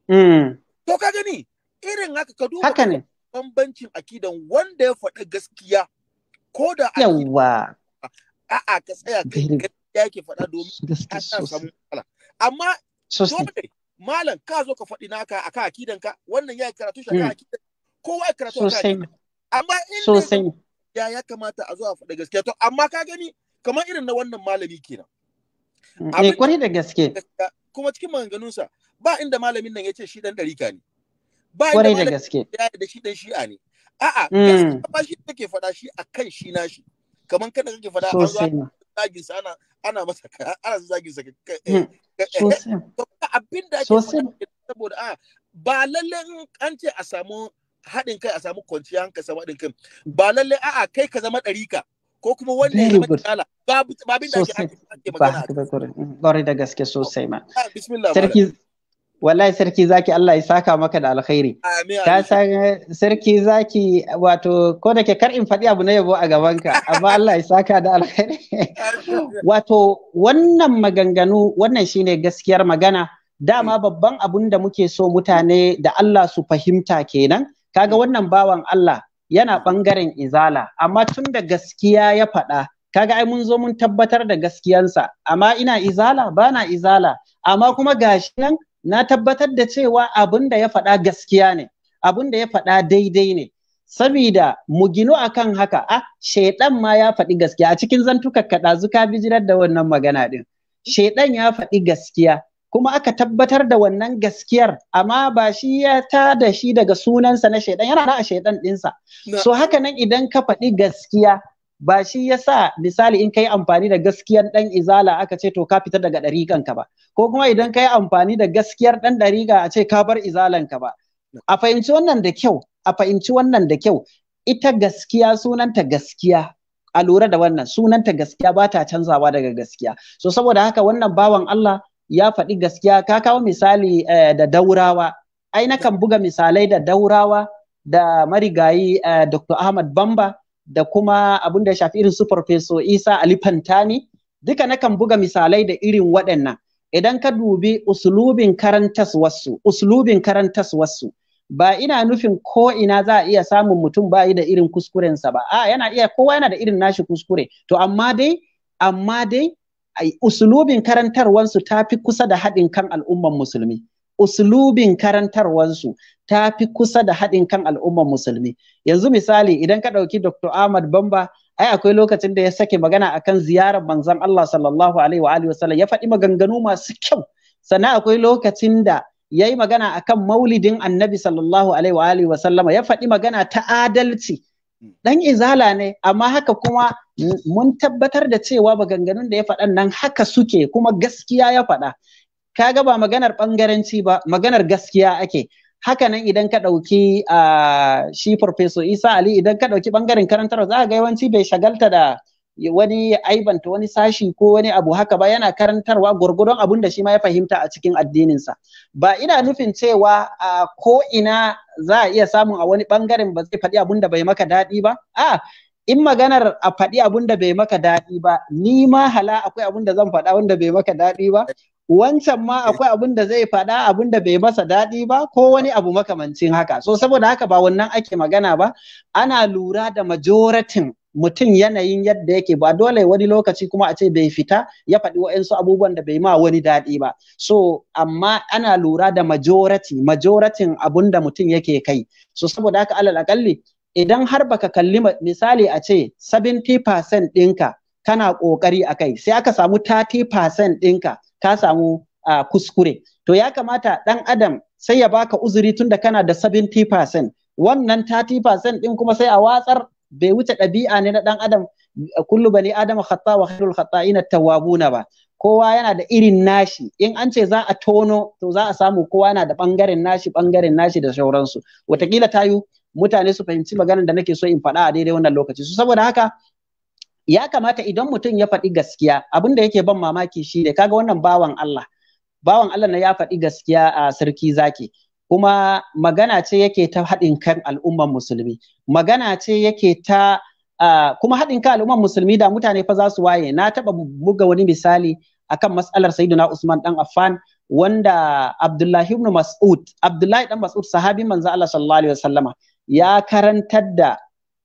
Mm. To ka gani irin haka ka duba haka ne bambancin akidan wanda ya faɗi gaskiya ko da yawa a'a ka tsaya ka gaskiya ke faɗa domin ka samu matsala amma dole malam ka zo ka faɗi naka akan akidan ka wannan ya karatu shi akan mm. akidan kowa ya karatu akan akidan amma in ne ya ya kamata a zo a faɗa gaskiya to amma ka gani kamar irin na wannan malami kenan mm, eh kwarai da gaske kuma cikin maganganun sa, ba inda malamin nan ya ce shi dan ɗarika ne ba kwarai da gaske ya da shi dan shi'a ne a'a ba mm. shi take faɗa shi akan shi nashi kamar kada kake faɗa an zo zagin sa ana ana masa ana zagin sa eh, mm, eh, abin da ake saboda a ba lalle an ce a samu haɗin kai a samu kwanciya hankali samu haɗin kai ba lallai a'a kai ka zama ɗarika ko kuma wanda ya zama tsala ba babin da ake magana ba da gaske sosai ma ah, sarki wallahi sarki zaki Allah ya saka maka da alkhairi ka san eh, sarki zaki wato ko da ke kar in faɗi abu na yabo a gaban ka. amma Allah ya saka da alkhairi wato wannan maganganu wannan shine gaskiyar magana dama mm. babban abun da muke so mutane da Allah su fahimta kenan kaga wannan bawan Allah yana ɓangaren izala amma tun da gaskiya ya faɗa kaga ai mun zo mun tabbatar da gaskiyansa amma ina izala bana izala amma kuma gashi nan na tabbatar da cewa abin da ya faɗa gaskiya ne abin da ya faɗa daidai ne sabida mu ginu akan haka a ah, shaidan ma ya faɗi gaskiya a cikin zantuka kaɗazu ka bijirar da wannan magana ɗin shaidan ya faɗi gaskiya kuma aka tabbatar da wannan gaskiyar amma ba shi ya ta da shi daga sunansa na shaidan yana da a shaidan ɗinsa so haka nan idan ka faɗi gaskiya ba shi ya sa misali in ka yi amfani da gaskiyar dan izala aka ce to ka fitar daga ka ba ko kuma idan ka yi amfani da gaskiyar dan ɗariƙa a ce ka bar izalan ka ba a fahimci wannan da kyau a fahimci wannan da kyau ita gaskiya sunanta gaskiya a lura da wannan sunanta gaskiya ba ta canzawa daga gaskiya so saboda haka wannan bawan Allah ya faɗi gaskiya ka kawo misali eh, da daurawa ai nakan buga misalai da daurawa da marigayi eh, dr ahmad bamba da kuma abin da shafi irin su Farfeso Isa Ali Fantani duka nakan buga misalai da irin waɗannan idan ka dubi uslubin karantaswarsu uslubin wasu. ba ina nufin ko ina za a iya samun mutum bayi da irin kuskurensa ba a yana iya kowa yana da irin nashi kuskure to amma dai amma dai usulubin karantarwansu ta fi kusa da haɗin kan al'umman musulmi usulubin karantarwansu ta fi kusa da haɗin kan al'umman musulmi yanzu misali idan ka ɗauki dr ahmad bamba ai akwai lokacin da ya sake magana akan ziyarar manzan allah sallallahu alaihi wa alihi wasallam ya faɗi maganganu masu kyau sannan akwai lokacin da ya yi magana akan maulidin annabi sallallahu alaihi wa alihi wasallam ya faɗi magana ta adalci dan izala ne amma haka kuma mun tabbatar da cewa ba maganganun da ya faɗan nan haka suke kuma gaskiya ya faɗa kaga ba maganar ɓangaranci ba maganar gaskiya ake haka nan idan ka ɗauki a shi farfeso isa ali idan ka ɗauki ɓangaren karantar za ga yawanci bai shagalta da wani aibanta wani sashi ko wani abu haka ba yana karantarwa gwargwadon abun da shi ma ya fahimta a cikin addininsa ba ina nufin cewa a ko ina za a iya samun a wani bangaren ba zai faɗi abun da bai maka daɗi ba a in maganar a faɗi abun da bai maka daɗi ba ni ma hala akwai abun da zan faɗa wanda bai maka daɗi ba wancan ma akwai abun da zai faɗa abun da bai masa daɗi ba ko wani abu makamancin haka so saboda haka ba wannan ake magana ba ana lura da majoratin mutum yanayin yadda yake ba dole wani lokaci kuma a ce bai fita ya faɗi wa'insu abubuwan da bai ma wani daɗi ba so amma ana lura da majorati majoratin abun da mutum yake kai so saboda haka alal akalli idan har baka kalli misali a ce 70% ɗinka kana ƙoƙari a kai sai aka samu 30% ɗinka ka samu uh, kuskure to ya kamata ɗan adam sai ya baka uzuri tunda kana da 70% wannan 30% ɗin kuma sai a watsar bai wuce ɗabi'a ne na ɗan adam kullu bani adam hatta wa khairul ina tawabuna ba kowa yana da irin nashi in an ce za a tono to za a samu kowa yana da ɓangaren nashi ɓangaren nashi da sauransu watakila tayu mutane su fahimci maganar da nake so in faɗa a daidai wannan lokaci su saboda haka ya kamata idan mutum ya faɗi gaskiya abin da yake ban mamaki shi ne kaga wannan bawan Allah bawan Allah na ya faɗi gaskiya a sarki zaki kuma magana ce yake ta haɗin kan al'umman musulmi magana ce yake ta uh, kuma haɗin kan al'umman musulmi da mutane fa za su waye na taɓa buga wani misali akan matsalar sayyidina Usman dan Affan wanda Abdullahi ibn Mas'ud Abdullahi dan Mas'ud sahabin manzo Allah sallallahu alaihi wasallama ya karantar da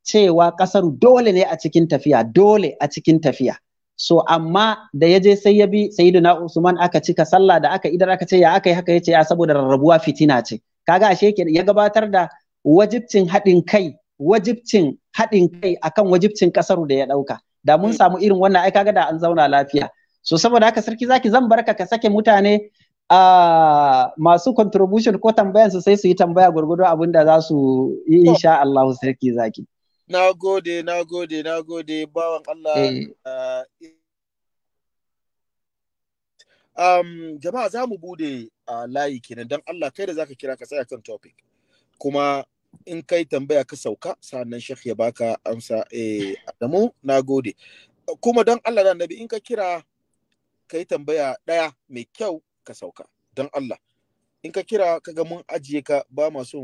cewa kasar dole ne a cikin tafiya dole a cikin tafiya so amma da ya je sai ya bi sayyiduna usman aka cika sallah da aka idar aka ce ya aka yi haka yace ya saboda rarrabuwa fitina ce kaga ashe ya gabatar da wajibcin haɗin kai wajibcin haɗin kai akan wajibcin kasar da ya ɗauka da mun mm. samu irin wannan ai kaga da an zauna lafiya so saboda haka sarki zaki zan barka ka sake mutane A masu contribution ko tambayansu sai su yi tambaya gurgudu abin da za su yi insha Allah sarki zaki. Na gode, na gode, na gode, bawan Allah. Eh. Uh, um, jama'a za mu bude uh, layi kenan don Allah kai da zaka kira ka tsaya kan topic. Kuma in kai tambaya ka sauka sannan shekh ya baka amsa eh Adamu na gode. Kuma don Allah da annabi in ka kira ka yi tambaya ɗaya mai kyau ka sauka don Allah in ka kira ka ga mun ajiye ka ba masu so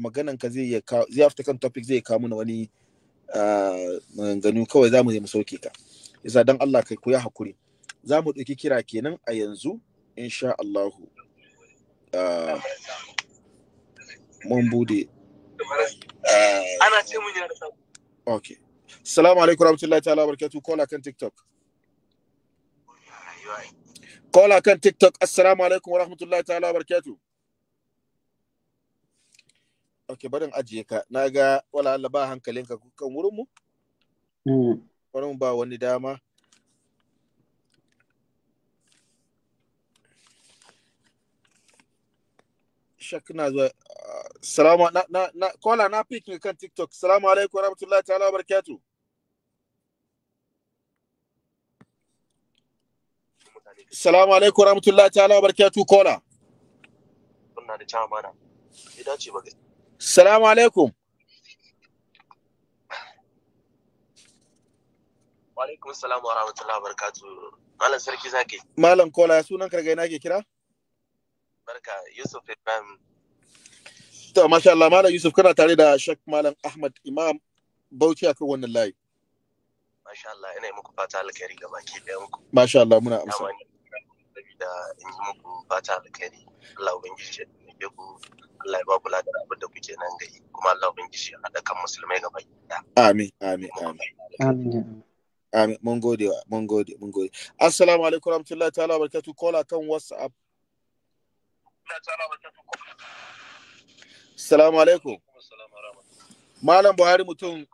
maganan ka zai zai after kan topic zai kawo mana wani maganganu kawai za mu zai mu sauke ka isa don Allah kai ku ya hakuri za mu ɗauki kira kenan a yanzu insha Allahu mun bude ana ce mun yana da sabo okay Salamu alaikum rahmatullahi ta'ala barkatu kola kan TikTok. kola kan tiktok assalamu alaikum wa rahmatullahi ta'ala barkatu ok barin ajiye ka na ga wala Allah ba hankalinka kan wurinmu hmm. bari mu ba wani dama shak na zuwa ah, salamu na na kola na fikin kan tiktok salamu alaikum wa rahmatullahi ta'ala barkatu Salamu alaikum rahmatullahi ta'ala wa barakatuh kola. Kuna da cewa mana. Ya dace ba Salamu alaikum. Wa alaikum salamu wa rahmatullahi wa barakatuh. Malam sarki zaki. Malam kola ya sunan karga yana ke kira? Barka Yusuf Ibrahim. To masha Allah Malam Yusuf kana tare da Sheikh Malam Ahmad Imam Bauchi akan wannan layi. Masha Allah ina muku fata alkhairi ga baki da ku. Masha Allah muna amsa. sabida in yi muku fata alkhairi Allah ubangiji ya taimake ku Allah ya ba ku ladan abin da kuke nan gai kuma Allah ubangiji ya haɗa kan musulmai gaba ɗaya amin amin amin amin amin mun gode mun gode mun gode assalamu alaikum warahmatullahi ta'ala barakatuh kola kan whatsapp Assalamu alaikum. Malam Buhari mutum.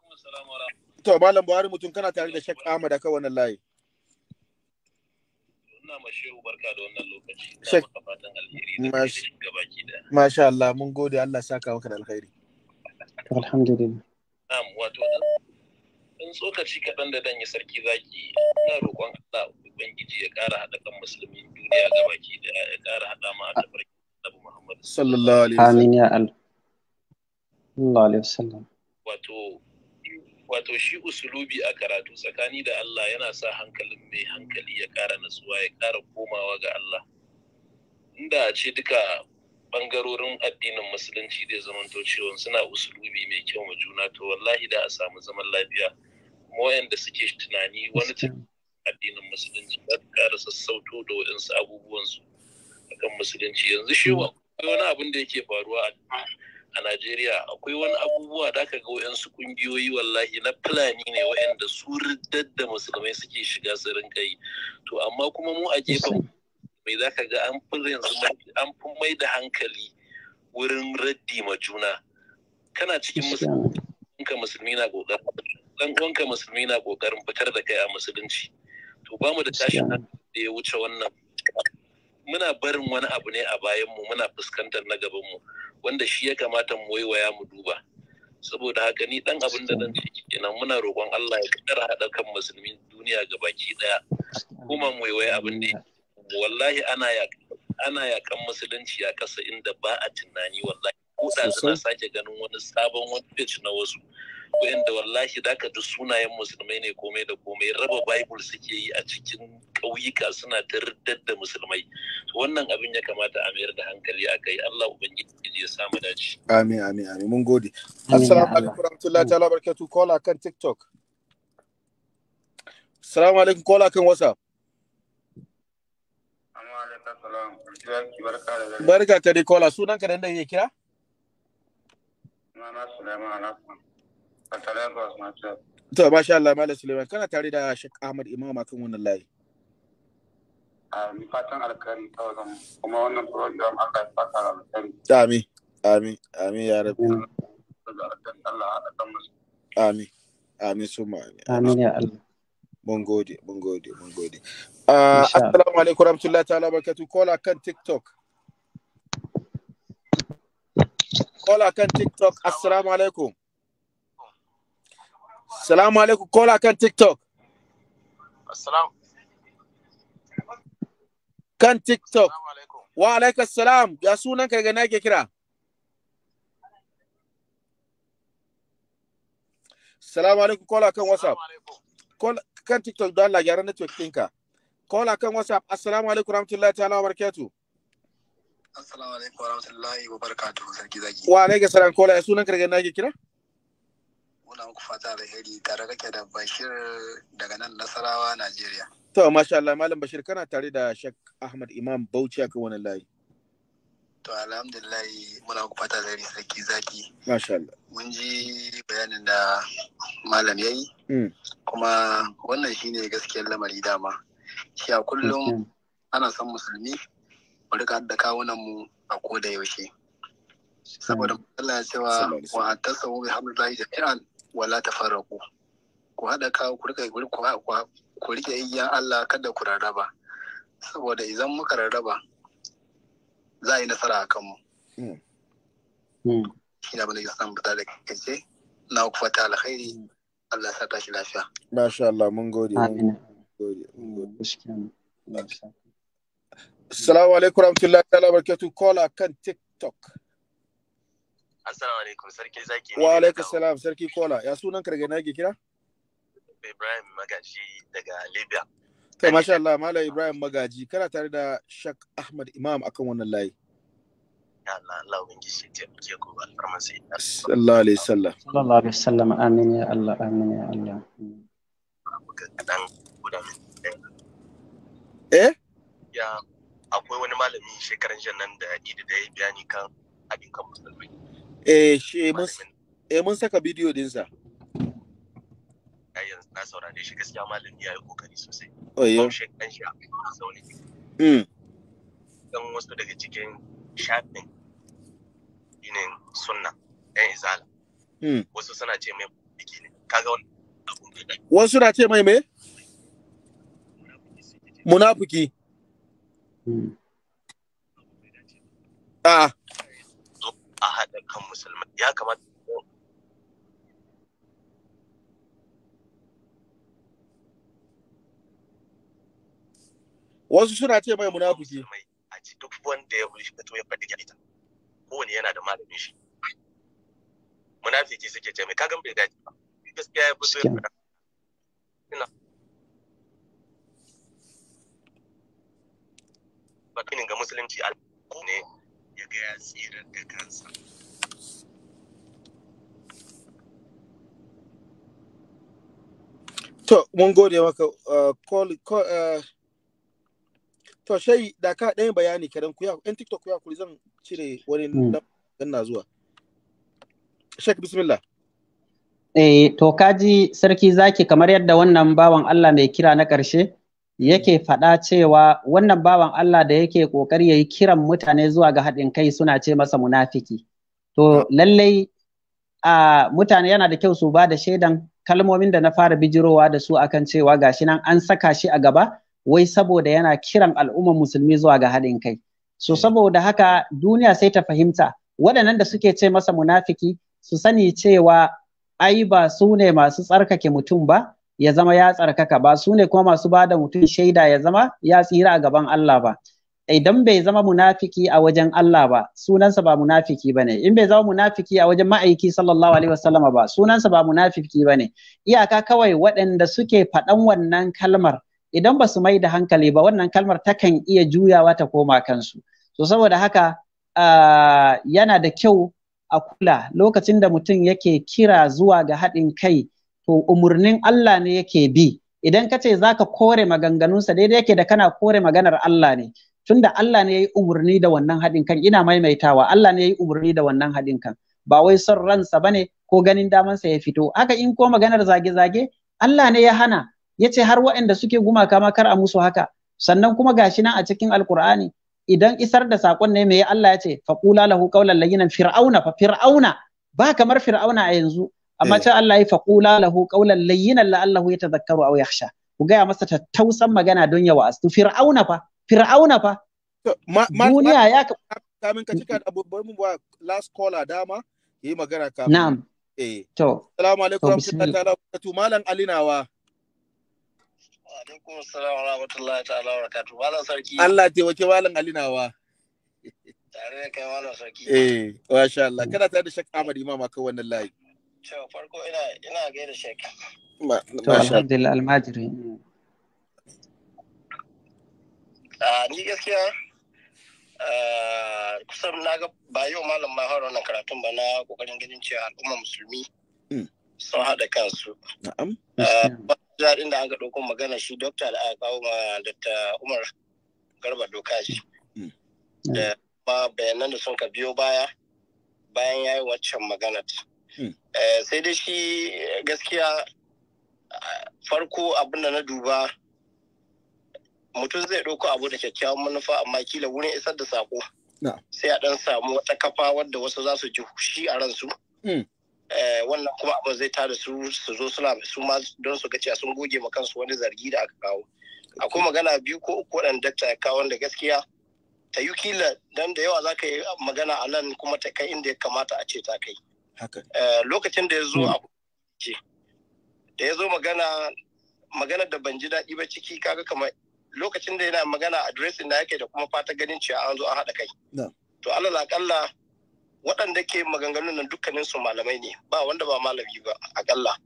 To Malam Buhari mutum kana tare da Sheikh Ahmad akan wannan layi. ina ma barka da wannan lokaci ina fatan alheri da da masha Allah mun gode Allah saka maka da alheri alhamdulillah na'am wato in tsokaci kaɗan da dan sarki zaki ina roƙon Allah ubangiji ya ƙara haɗa kan duniya da ya ƙara mu a tabarki Muhammad sallallahu alaihi wasallam amin ya Allah alaihi wasallam wato wato shi usulubi a karatu tsakani da Allah yana sa hankalin mai hankali ya ƙara natsuwa ya ƙara komawa ga Allah inda a ce duka bangarorin addinin musulunci da zamanto cewa suna usulubi mai kyau ma juna to wallahi da a samu zaman lafiya kuma wayanda suke tunani wani addinin musulunci za su ƙara sassauto da waɗansu abubuwansu akan musulunci yanzu shi mm. wani abin da yake faruwa a a Najeriya akwai wani abubuwa da aka ga wayansu kungiyoyi wallahi na fulani ne wayanda su da musulmai suke shiga su rinka yi to amma kuma mu a gefen mai ka ga an fi yanzu an fi mai da hankali wurin raddi ma juna kana cikin musulmi na kokarin dan uwanka musulmi na kokarin fitar da kai a musulunci to ba mu da tashin da ya wuce wannan muna barin wani abu ne a bayanmu muna fuskantar na gabanmu wanda shi ya kamata mu waiwaya mu duba saboda haka ni dan abin da zan ce ina muna roƙon Allah ya kara haɗa kan musulmin duniya ga baki daya kuma mu waiwaya abin da wallahi ana ya ana yakan musulunci a kasa inda ba a tunani wallahi ko da suna sake ganin wani sabon wani na wasu wa'anda wallahi daka duk sunayen musulmai ne komai da komai raba bible suke yi a cikin ƙauyuka suna tardar da musulmai wannan abin ya kamata a mayar da hankali a kai Allah ubangiji ya samu dace amin amin amin mun gode assalamu alaikum warahmatullahi ta'ala barkatu kola kan tiktok assalamu alaikum kola kan whatsapp Barka ka dai kola sunanka da inda yake kira? Sunana Suleiman Alhassan. To, masha Allah, Malam Suleiman, kana tare da Sheikh Ahmad Imam a akan wannan layi. Amin, fatan ta wajen kuma wannan program aka saka alkhairi. Amin, amin, amin ya rabu. Amin, amin su ma amin. ya Allah. Mun gode, mun gode, mun gode. Assalamu alaikum warahmatullahi ta'ala barkatu. Kola kan TikTok. Kola kan TikTok. Assalamu alaikum. Salamu alaikum kola kan TikTok. Assalamu. Kan TikTok. Wa alaikum salam. Ya sunan ka daga na ke kira? Salamu alaikum kola kan WhatsApp. Kan TikTok don Allah gyara network ɗinka. Kola kan WhatsApp. Assalamu alaikum rahmatullahi ta'ala wa barakatuh. Assalamu alaikum warahmatullahi wabarakatuh sarki Wa alaikum salam kola ya sunan ka daga na ke kira? muna muku fata alheri tare kake da Bashir daga nan Nasarawa, Najeriya. To, masha Allah, Malam Bashir kana tare da Shek Ahmad Imam Bauchi a wannan wani layi. To, alhamdulillah muna muku fata alheri saki zaki. Masha Allah. Mun ji bayanin da Malam ya yi. Mm. Kuma wannan shine gaskiyar lamari dama. Shi a kullum ana son musulmi mu rika da kawunan mu a koda yaushe. saboda matsala mm. cewa wa tasawu bi hamdillahi jami'an wala ta fara ku haɗa kawo ku rika ku rike igiyan Allah kada ku rarraba saboda idan muka rarraba za a yi nasara a kanmu. Hmm. Hmm. Shi na bane san fita da kace na ku fata alkhairi Allah sa tashi lafiya. Masha Allah mun gode. Amin. Assalamu alaikum warahmatullahi ta'ala barakatuh kola kan TikTok. Assalamu alaikum sarki Wa alaikum sarki kola ya sunan karga na kira? Ibrahim Magaji daga Libya. masha Malam Ibrahim Magaji kana tare da Shak Ahmad Imam akan wannan layi. Sallallahu alaihi wasallam. Sallallahu Eh? akwai wani malami shekaran jan da Idi da ya bayani kan kan Eh, shi eh, mun saka bidiyo dinsa. yanzu na saurare ya yi kokari sosai. Oyo. a zaune. Hmm. Dan wasu daga cikin shafin yinin sunna ɗan hmm. suna ce mai me? Hmm. Ah. a haɗa kan musulmai ya kamata wasu suna ce mai munafiki a ci duk wanda ya wuri fito ya faɗi ita kowane yana da malamin shi munafiki suke ce mai kagan bai dace ba gaskiya ya fito ya ina ba ga musulunci ne ya ga ya tsirar da kansa to mun gode maka uh, uh, to shai da ka ɗayan bayani kadan ku ya yan tiktok ku ya kuri zan cire wani dan hmm. na zuwa shek bismillah eh to kaji sarki zaki kamar yadda wannan bawan Allah mai kira na ƙarshe yake faɗa cewa wannan bawan Allah da yake ƙoƙari ya yi kiran mutane zuwa ga haɗin kai suna ce masa munafiki. To ah. lallai a mutane yana da kyau su ba da shaidan kalmomin da na fara bijirowa da su akan cewa gashi nan an saka shi a gaba wai saboda yana kiran al'ummar musulmi zuwa ga haɗin kai. So hmm. saboda haka duniya sai ta fahimta waɗannan da suke ce masa munafiki su sani cewa ai ba su ne masu tsarkake mutum ba ya zama ya tsarkaka ba su ne kuma masu ba da mutum shaida ya zama ya tsira a gaban Allah ba idan bai zama munafiki a wajen Allah ba sunansa ba munafiki bane in bai zama munafiki a wajen ma'aiki sallallahu alaihi wasallama ba sunansa ba munafiki bane iyaka kawai waɗanda suke faɗan wannan kalmar idan ba su mai da hankali ba wannan kalmar takan iya juyawa ta koma kansu so saboda haka yana da kyau a kula lokacin da mutum yake kira zuwa ga haɗin kai to umurnin Allah ne yake bi idan kace zaka kore maganganunsa daidai yake da kana kore maganar Allah ne tunda Allah ne ya yi umurni da wannan haɗin kan ina maimaitawa Allah ne ya yi umurni da wannan haɗin kan ba wai son ransa ba ne? ko ganin damansa ya fito haka in ko maganar zage-zage Allah ne ya hana yace har waɗanda suke gumaka ma kar a musu haka sannan kuma gashi nan a cikin alkur'ani idan isar da sakon ne mai Allah ya ce faqula lahu qawlan layyinan fir'auna fa fir'auna ba kamar fir'auna a yanzu amma eh. can Allah ya faqula lahu qawlan layyinan la'allahu yatadhakkaru aw yakhsha ku gaya masa tattausan magana don ya wa'astu fir'auna fa fir'auna fa duniya ya ka kamin ka cika abubuwan mu last caller dama yi magana ka na'am eh to assalamu alaikum warahmatullahi ta'ala malam alinawa alaikum assalam wa rahmatullahi ta'ala wa barakatuh malam sarki Allah taimake malam alinawa tare da kai malam sarki eh masha Allah kana tare da Sheikh Ahmad Imam akan wannan layi to farko ina ina gaida shek to alhamdulillah almajiri a ni gaskiya kusan na ga ba yau malam ma har wannan karatun ba na kokarin ganin cewa al'umma musulmi mm. sun hada kansu na'am ba daɗin da an ga ɗauko magana shi dokta da aka kawo ma dokta umar garba dokaji mm. da ba bayanan da sun ka biyo baya bayan ya yi waccan maganar Eh, sai dai shi gaskiya farko abin da na duba mutum zai ɗauko abu da kyakkyawan manufa amma kila wurin isar da sako sai a ɗan samu wata kafa wadda wasu za su ji shi a ransu hmm. eh, wannan kuma abin zai tada su su zo suna su ma don su gaci sun goge ma kansu wani zargi da aka kawo akwai magana biyu ko uku waɗanda dakta ya kawo wanda gaskiya ta yi kila don da yawa za ka yi magana a nan kuma ta kai inda ya kamata a ce ta kai Eh, lokacin da ya zo hmm. a da ya zo magana magana da ban ji daɗi ba ciki kaga kamar lokacin da yana magana adiresin da yake da kuma fata ganin cewa an zo an haɗa kai to alal kalla waɗanda ke maganganun nan dukkanin su malamai ne ba wanda ba malami ba akalla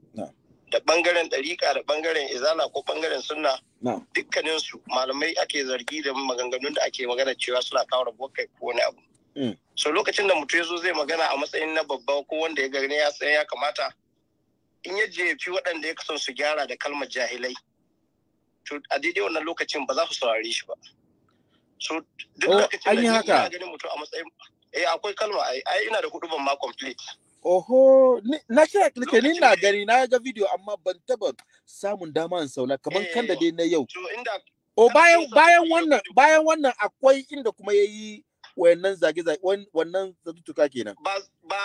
da bangaren ɗariƙa da bangaren izala ko bangaren sunna dukkanin su malamai ake zargi da maganganun da ake magana cewa suna kawo rabuwar kai ko wani abu Mm. so lokacin da mutum ya zo zai magana a matsayin na babba ko wanda ya gani ya san ya kamata in ya jefi waɗanda ya kasan su gyara da kalmar jahilai to a daidai wannan lokacin ba za su saurare shi ba so duk oh, lokacin da ya gani mutum a matsayin eh akwai kalma ai ai ina da hudu ban ma complete oho na kira nake ni na gani na ga video amma ban taba samun dama in saula kamar eh, kan da dai na yau o oh, bayan bayan wannan bayan wannan akwai inda kuma yayi wayannan zage-zage wannan zatutuka kenan. Ba ba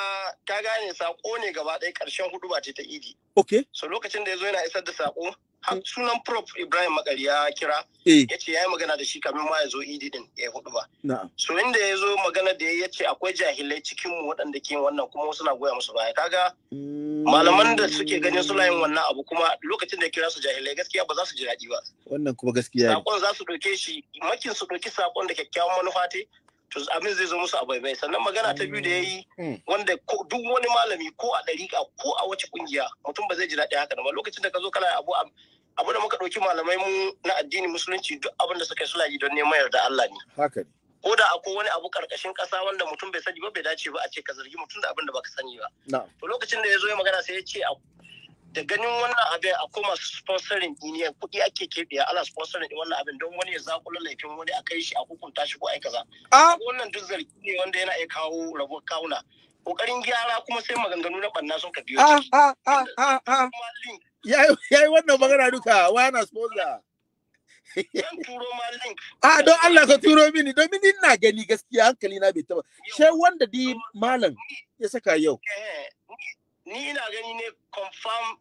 ka gane sako ne gaba ɗaya ƙarshen hudu ba ta idi. Okay. So lokacin da ya zo yana isar da sako hmm. sunan prof Ibrahim Makari ya kira eh. ya ce ya yi magana da shi kamin ma ya zo idi din ya hudu ba. So inda ya zo magana da ya ce akwai jahilai cikin mu waɗanda ke wannan kuma wasu na goya musu baya kaga hmm. malaman da suke ganin suna yin wannan abu kuma lokacin da ya kira su jahilai gaskiya ba za su ji daɗi ba. Wannan kuma gaskiya. Sakon za su ɗauke shi makin su ɗauki sakon da kyakkyawan manufa to abin zai zo musu a baibai sannan magana ta biyu da ya yi hmm. wanda duk wani malami ko a ɗariƙa ko a wace ƙungiya mutum ba zai ji daɗi haka ba lokacin da ka zo kana abu abu da muka ɗauki malamai mu na addini musulunci duk abin da suka yi suna don neman yarda Allah ne. Haka ko da akwai wani abu karkashin ƙasa wanda mutum bai sani ba bai dace ba a ce ka zargi mutum da abin da baka sani ba to lokacin da ya zo ya magana sai ya ce da ganin wannan abin a koma sponsorin ɗini ɗiniyan kuɗi ake keɓe keɓewa ala sponsorin ɗin wannan abin don wani ya zakula laifin wani a kai shi a hukunta shi ko ai kaza. Ah. Wannan duk zargi ne wanda yana iya kawo rabuwar kawuna. Ƙoƙarin gyara kuma sai maganganu na ɓanna sun ka biyo. Ah, ah, ya yi wannan magana duka wana sponsor. A don Allah ka turo mini domin ina gani gaskiya hankali na bai taba. sai wanda di malam ya saka yau. Eh, ni ina gani ne confirm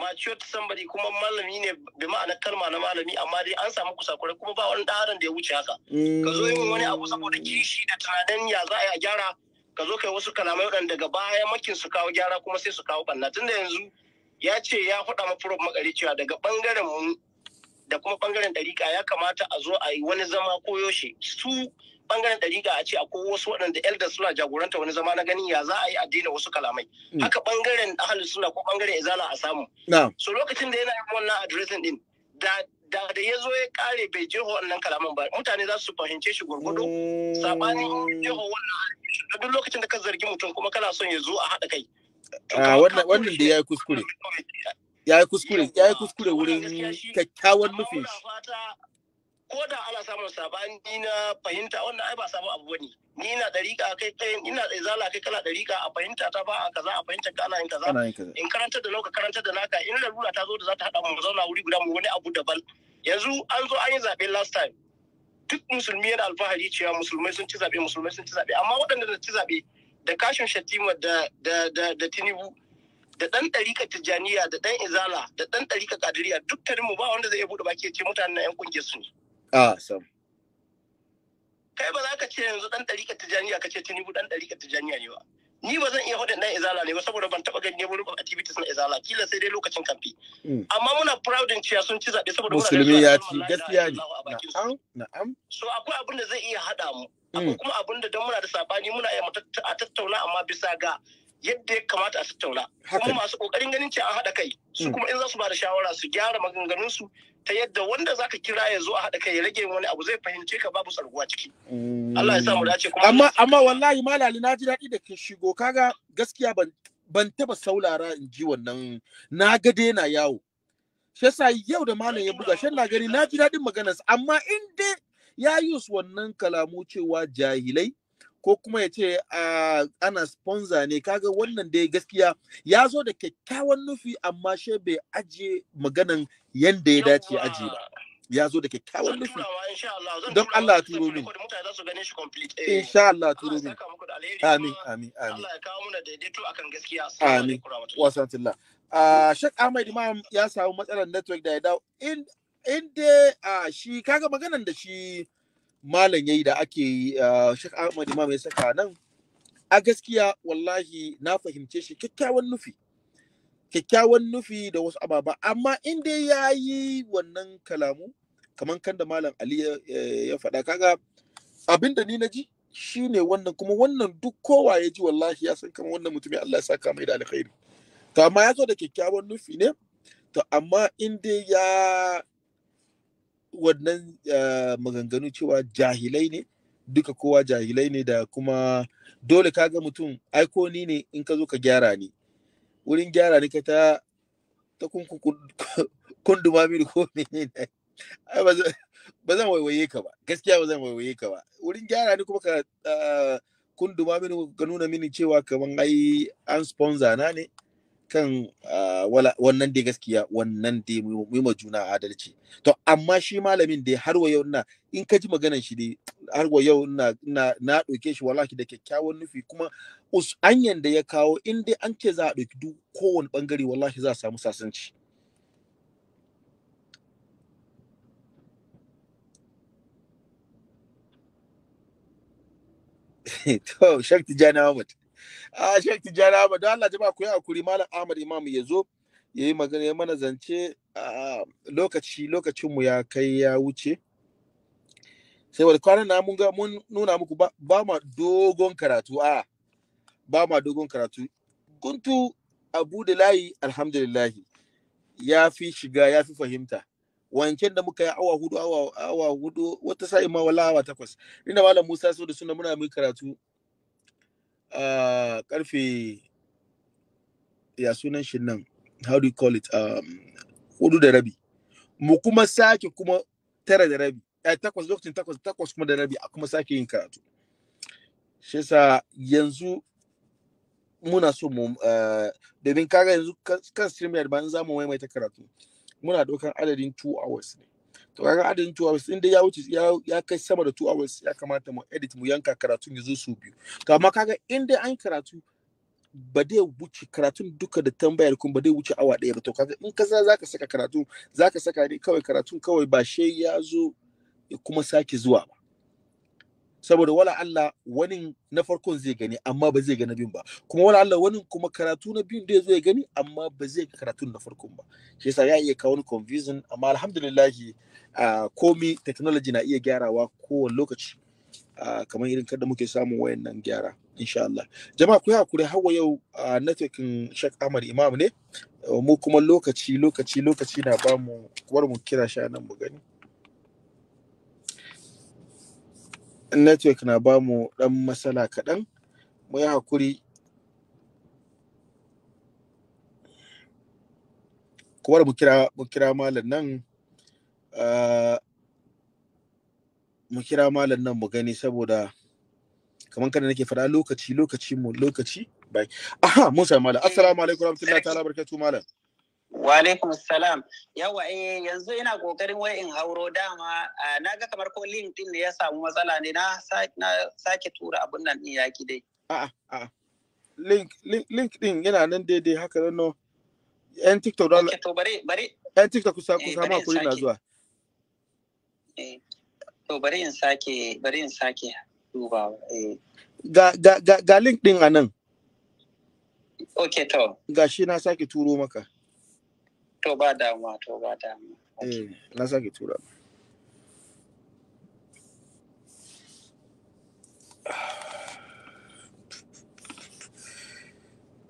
matured somebody kuma malami ne bi ma'anar kalma na malami amma dai an samu kusakurai kuma ba wani ɗaran da ya wuce haka ka zo yin wani abu saboda mm. kishi da tunanin ya za a yi a gyara ka zo kai wasu kalamai waɗanda daga baya makin su kawo gyara kuma sai su kawo ɓanna tunda yanzu ya ce ya faɗa ma furof makari cewa daga ɓangaren mu da kuma bangaren ɗarika ya kamata a zo a yi wani zama koyaushe su bangaren dariƙa a ce akwai wasu waɗanda elders suna jagoranta wani zama na ganin ya za a yi addini wasu kalamai hmm. haka bangaren ahalin suna ko bangaren izala a samu so lokacin da yana yin wannan addressin din da da da ya zo ya kare bai jeho wannan kalaman ba mutane za su fahimce shi gurgudu oh. sabanin jeho wannan duk lokacin da ka zargi mutum kuma kana son ya zo a haɗa kai ah, wannan da ya yi kuskure ya yi kuskure yayi kuskure wurin kyakkyawan nufin ko da ana samun sabani na fahimta wannan ai ba samu abu bane ni na dariƙa kai kai ina izala kai kana dariƙa a fahimta ta ba a kaza a fahimta ka ana yin kaza in karanta da nauka karanta da naka in larura ta zo da za ta haɗa mu zauna wuri guda mu wani abu daban yanzu an zo an yi zaɓe last time duk musulmi yana alfahari cewa musulmai sun ci zaɓe musulmai sun ci zaɓe amma waɗanda da ci zaɓe da kashin shatima da da da da tinubu da ɗan ɗarika tijjaniya da ɗan izala da ɗan ɗarika kadiriya duk tarin mu ba wanda zai iya buɗe baki ya ce mutanen 'yan ƙungiyar su ne. Awesome. Kai ba za ka ce yanzu ɗan ta Tijjaniya ka ce Tinubu ɗan ta Tijjaniya ne ba. Ni ba zan iya hudin ɗan Izala ne ba saboda ban taɓa gani rubar activities na Izala kila sai dai lokacin kamfe. Hmm. Amma muna proud in cewa sun ci zaɓe saboda Musulmi ya ci gaskiya ne. Na'am So akwai abin da zai iya haɗa mu. Hmm. Akwai kuma abin da don muna da saɓani muna iya a tattauna amma bisa ga yadda ya kamata a tattauna kuma masu kokarin ganin ce an haɗa kai su hmm. kuma in za su ba da shawara su gyara maganganunsu ta yadda wanda zaka kira ya zo a haɗa kai ya rage wani abu zai fahimce ka babu tsarguwa ciki. Mm. Allah ya sa mu dace kuma. Amma amma wallahi malali na ji daɗi da ke shigo kaga gaskiya ban ban taba saulara in ji wannan na ga na yawo. Shi yasa yau da malam ya buga shan na gani na ji daɗin maganarsa amma in dai ya yi wannan kalamu cewa jahilai ko kuma ya ce ana sponsor ne kaga wannan dai gaskiya ya zo da kyakkyawan nufi amma shi bai ajiye maganan yanda ya dace ajiye ba ya zo da kyakkyawan nufi don eh. Allah ya turo min insha Allah turo min amin amin amin amin wasantillah Shek Ahmed Imam ya samu matsalar network da ya dawo in dai shi kaga maganan da shi malam yayi da ake Sheikh Ahmad Imam ya saka nan a gaskiya wallahi na fahimce shi kyakkyawan nufi kyakkyawan nufi da wasu ababa amma in dai ya yi wannan kalamu kamar kan da malam ali ya faɗa kaga abinda ni na ji shine wannan kuma wannan duk kowa ya ji wallahi ya san kamar wannan mutumin Allah ya saka mai da alkhairi to amma ya zo da kyakkyawan nufi ne to amma in dai ya wannan eh, maganganu cewa jahilai ne duka kowa jahilai ne da kuma dole ka ga mutum aiko ni ne in ka zo ka gyara ni wurin gyara ni ka ta ta kunduma mini ko ne ba zan waiwaye ka ba gaskiya ba zan waiwaye ka ba wurin gyara ni kuma ka eh, kunduma mini ka nuna mini cewa kamar ai an sponsor na ne kan ah, wannan dai gaskiya wannan dai mu ma juna adalci to amma shi malamin dai har wa yau na in ka ji maganar shi dai har wa yau na na ɗauke shi wallahi da kyakkyawan nufi kuma anyan da ya kawo in dai an ce za a ɗauki duk kowane bangare wallahi za a samu sasanci to shakti jana Ahmad a shek tijara ba don allah jama'a ku yi hakuri malam ahmad imam ya zo ya yi magana ya mana zance lokaci mu ya kai ya wuce sai wani kwanan na mun mun nuna muku ba ma dogon karatu a ba ma dogon karatu kuntu abu da layi alhamdulillahi ya fi shiga ya fi fahimta wancan da muka yi awa hudu awa hudu wata sa'i ma wala awa takwas inda malam musa so da suna muna mai karatu Ah, karfe ya sunan shi nan how do you call it um, hudu da rabi mu kuma sake kuma tara da rabi eh, takwas lokacin takwas takwas kuma da rabi a kuma sake yin karatu shi sa yanzu muna so mu uh, domin kaga yanzu kan stream ya ba in za mu maimaita karatu muna dokan adadin 2 hours ne to kaga adadin two hours inda ya wuce ya kai sama da two hours ya kamata mu edit mu yanka karatu ya zo su biyu to amma kaga inda an karatu ba dai wuce karatun duka da tambayar kun ba dai wuce awa ɗaya ba to kaga in ka za saka karatu zaka saka ne kawai karatun kawai ba shi ya zo kuma sake zuwa ba saboda wala Allah wani na farkon zai gani amma ba zai gani biyun ba kuma wala Allah wani kuma karatu na biyun da ya zo ya gani amma ba zai ga karatu na farkon ba shi yasa ya iya kawo confusion amma alhamdulillah uh, komi technology na iya gyarawa kowane lokaci uh, kamar irin kada muke samun wayannan gyara insha Allah jama'a ku hakuri hawa yau uh, networkin Sheikh Ahmad Imam ne mu kuma lokaci lokaci lokaci na bamu mu mu kira shi nan mu gani network na ba mu ɗan matsala kaɗan mu yi hakuri kuma da mu kira malam nan ah, mu kira malam nan mu gani saboda kamar kada nake faɗa lokaci lokaci mu lokaci bai aha mun samu malam assalamu alaikum warahmatullahi ta'ala barakatuh malam Wa alaikum salam. Yawa eh yanzu ina kokarin wai in hauro dama na ga kamar ko link din ne ya samu matsala ne na sake tura abun nan din yaki dai. A'a Link link din yana nan daidai haka nan no. Yan TikTok da to bare bare yan TikTok kusa eh, kusa ma kuri na zuwa. Eh to bare in sake bare in sake duba eh. Ga ga ga, link din a nan. Okay to. Gashi na sake turo maka. To ba eh,